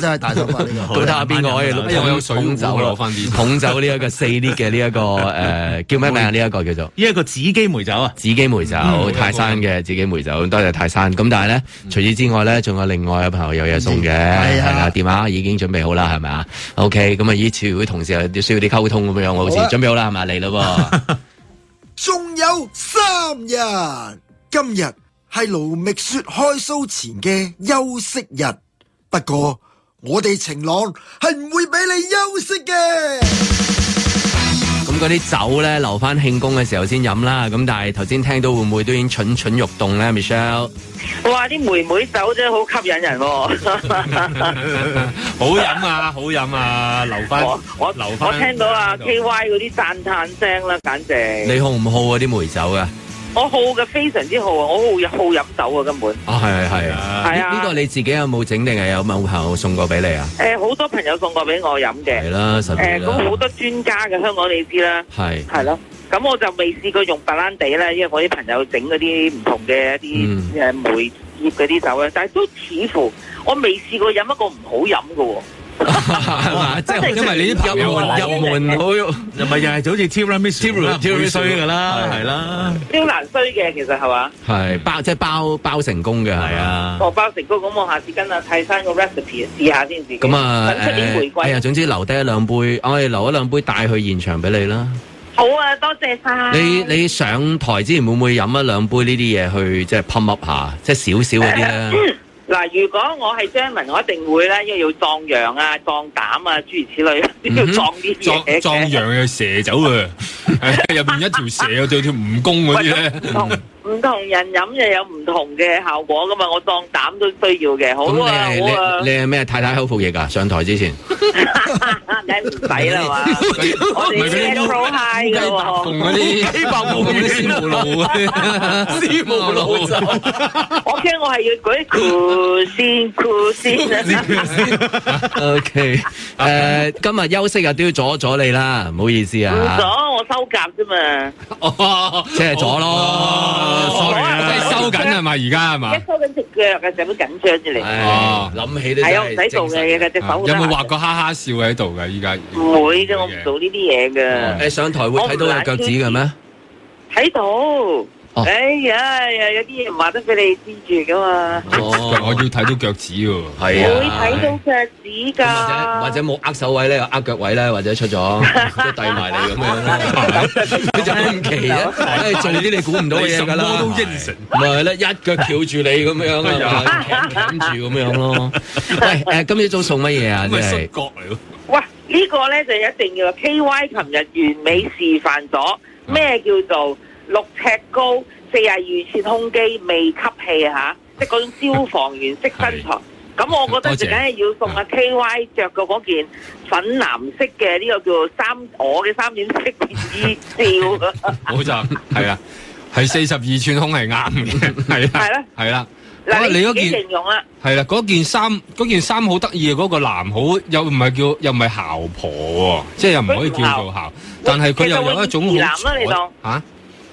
真係大手筆啊，到睇下邊個可以攞？統走攞翻啲，桶走呢一個四列嘅呢一個誒叫咩名啊？呢一個叫做呢一個紫機梅酒啊，紫機梅酒，泰山嘅紫機梅酒，多謝泰山。咁但係咧，除此之外咧，仲有另外啊。這個有有嘢送嘅，係、嗯、啦，電話、啊啊啊、已經準備好啦，係咪啊？OK，咁啊，呢次會同時要需要啲溝通咁樣，我好似準備好啦，係咪嚟咯？仲 有三日，今日係盧覓雪開 show 前嘅休息日，不過我哋晴朗係唔會俾你休息嘅。 嗰啲酒咧，留翻慶功嘅時候先飲啦，咁但係頭先聽到會唔會都已經蠢蠢欲動咧？Michelle，哇啲妹妹酒真係好吸引人，啊 好飲啊，好飲啊好飲啊，留翻我，我留翻我聽到啊那 K Y 嗰啲讚嘆聲啦，簡直你好唔好啊啲梅酒啊。我好嘅非常之好啊！我好好飲酒啊，根本。啊係係係，係啊！呢、啊啊這個你自己有冇整定，係有冇朋友送過俾你啊？誒、呃，好多朋友送過俾我飲嘅。係啦、啊，誒，咁、呃、好多專家嘅香港你知啦。係係咯，咁、啊、我就未試過用白蘭地咧，因為我啲朋友整嗰啲唔同嘅一啲誒梅葉嗰啲酒咧、嗯，但係都似乎我未試過飲一個唔好飲嘅。嗱 即係因為你啲入門，入門好、 啊， 唔係又係好似 Tiramisu、Tiramisu 衰噶啦，係啦，超難衰嘅，其實係嘛？係包，即係包包成功嘅，係啊。 包包 哦，包成功咁，我下次跟阿泰山個 recipe 試一下先咁 啊，係啊， 總之留低一兩杯，啊、我哋留一兩杯帶去現場俾你啦。好啊，多謝晒。你你上台之前會唔會飲一兩杯呢啲嘢去，即係 pump up 下，即係少少嗰啲咧？ 如果我係張文，我一定會咧，因為要壯陽啊、壯膽啊，諸如此類，呢啲叫壯啲嘢嘅。壯陽蛇走啊，入 面一條蛇啊，仲 有一條蜈蚣嗰啲咧。 同人飲又有唔同嘅效果噶嘛？我當膽都需要嘅，好啊好啊！你係咩太太口服液噶？上台之前，唔使啦嘛！我唔係俾咗好 high 嘅喎，同嗰啲雞白母魚絲無路啊！絲無路，我驚我係要攰攰先攰先啊！OK，誒，今日休息啊，都要阻阻你啦，唔好意思啊嚇！阻我收夾啫嘛，即係阻咯。可、哦、係、啊、收緊係嘛？而家係嘛？收緊隻腳啊！就日都緊張住嚟。哦，諗起呢係。係、哎、啊，唔使做嘅嘢隻手。有冇畫過哈哈笑喺度㗎？依家唔會啫，我唔做呢啲嘢嘅。你上台會睇到有腳趾㗎咩？睇到。Oh. 哎呀，有啲嘢唔話得俾你知住噶嘛、哦？我要睇到腳趾喎，係啊，會睇到腳趾噶，或者冇握手位咧，有握腳位咧，或者出咗即 都遞埋嚟咁樣，你就好奇啊！最啲你估唔到嘅嘢我都應承，唔係咧，一腳翹住你咁樣啊，鉗住咁樣咯。喂，誒，今日早送乜嘢啊？即係膝嚟咯。喂，呢個咧就一定要 K Y，琴日完美示範咗咩叫做？六尺高，四廿二寸胸肌，未吸氣吓、啊，即係嗰種消防員式身材。咁 我覺得就梗係要送阿 KY 着嘅嗰件粉藍色嘅呢個叫做衫， 我嘅三染式脫照。好 錯，係啊，係四十二寸胸係啱嘅，係啦，係啦。嗱，你嗰件係啦，嗰件衫，嗰件衫好得意，嗰個男好又唔係叫又唔係姣婆喎、啊啊，即係又唔可以叫做姣，但係佢又有一種好啊。你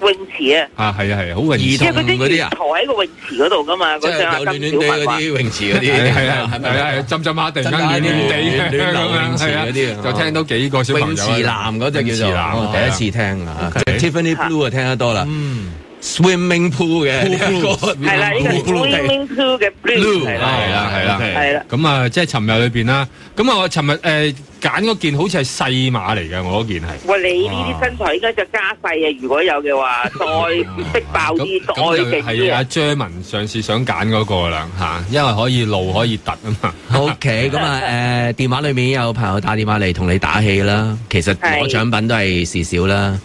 啊啊啊、泳池啊！啊，係、那個、啊，係啊，好、啊啊啊、泳池，而且嗰啲啊，啲喺個泳池嗰度噶嘛，嗰隻有暖暖哋嗰啲泳池嗰啲，係啊，係咪啊？係浸浸下，突然間，暖暖哋、暖暖哋泳池嗰啲啊，就聽到幾個小朋友、啊、泳池男嗰隻叫做，第一次聽啊，即係 Tiffany Blue 啊，okay, 嗯、Blue, 聽得多啦。嗯。Swimming pool 嘅，係啦，呢個 swimming pool 嘅 blue 係啦，係啦，係啦，咁啊，即係尋日裏邊啦，咁啊，我尋日誒揀嗰件好似係細碼嚟嘅，我嗰件係。哇！你呢啲身材應該着加細啊！如果有嘅話，再逼爆啲，再勁啲。係啊，Jeremy 上次想揀嗰個啦吓，因為可以露可以突啊嘛。OK，咁啊誒，電話裏面有朋友打電話嚟同你打氣啦。其實攞獎品都係事少啦。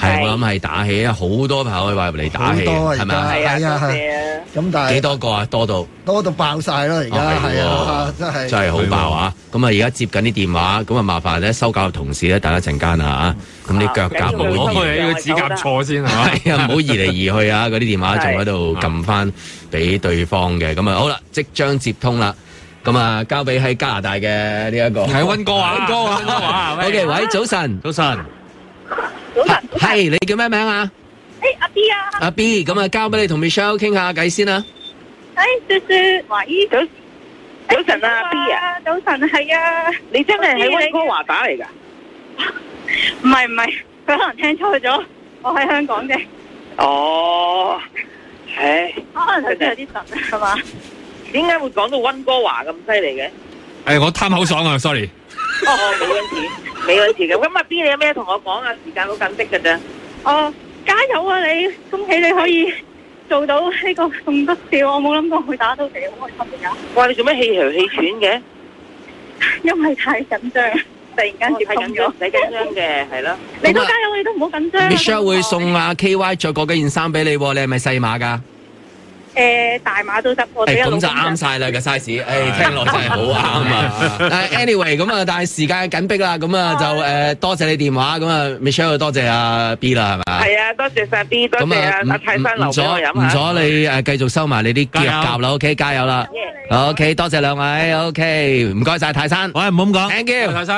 係我諗係打氣啊，好多炮可以話入嚟打氣，係咪？係啊，係啊，咁、啊啊、但係幾多個啊？多到多到爆晒囉。而家係啊，真係、啊、真係好爆啊！咁啊，而家接緊啲電話，咁啊麻煩咧收教同事咧，等一陣間啊，咁啲腳架冇要指甲錯先係啊，唔好移嚟移去啊！嗰 啲電話仲喺度撳翻俾對方嘅，咁啊好啦，即將接通啦，咁啊交俾喺加拿大嘅呢一個係温哥，温哥啊，OK，喂，早晨，早晨。 係，你叫咩名啊？誒、欸，阿 B 啊！阿 B，咁啊，交俾你同 Michelle 傾下偈先啦。誒，叔叔，喂，早晨早晨啊，早晨啊，B 啊，早晨係啊，你真係喺温哥華打嚟噶？唔係唔係，佢可能聽錯咗，我喺香港嘅。哦，誒、 欸，可能係有啲神啊，係 嘛？點解會講到温哥華咁犀利嘅？誒、欸，我貪口爽啊 ，sorry。 哦，美女士，美女士嘅，咁阿 B，你有咩同我講啊？時間好緊迫嘅啫。哦，加油啊你！恭喜你可以做到呢個咁多票，我冇諗過會打到嚟，好開心啊！哇，你做咩氣長氣喘嘅？因為太緊張，突然間失控咗，唔使緊張嘅，係咯。 你都加油， 你都唔好緊張。Michelle 會送阿 KY 再過幾件衫俾你，你係咪細碼噶？誒、欸，大碼都得，破得咁就啱晒啦個 size，誒、欸，聽落真係好啱啊！Anyway，咁啊，anyway, 但係時間緊逼啦，咁、呃、啊就誒、啊，多謝你電話。咁啊 Michelle 多謝阿、啊、B 啦，係咪？係啊，多謝晒、啊、B，多，多，多謝啊，多謝啊多謝阿泰山留咗，唔阻你誒，繼、啊、續收埋你啲夾夾啦，OK，加油啦，OK，多謝兩位，OK，唔該晒泰山。喂，唔好咁講。Thank you，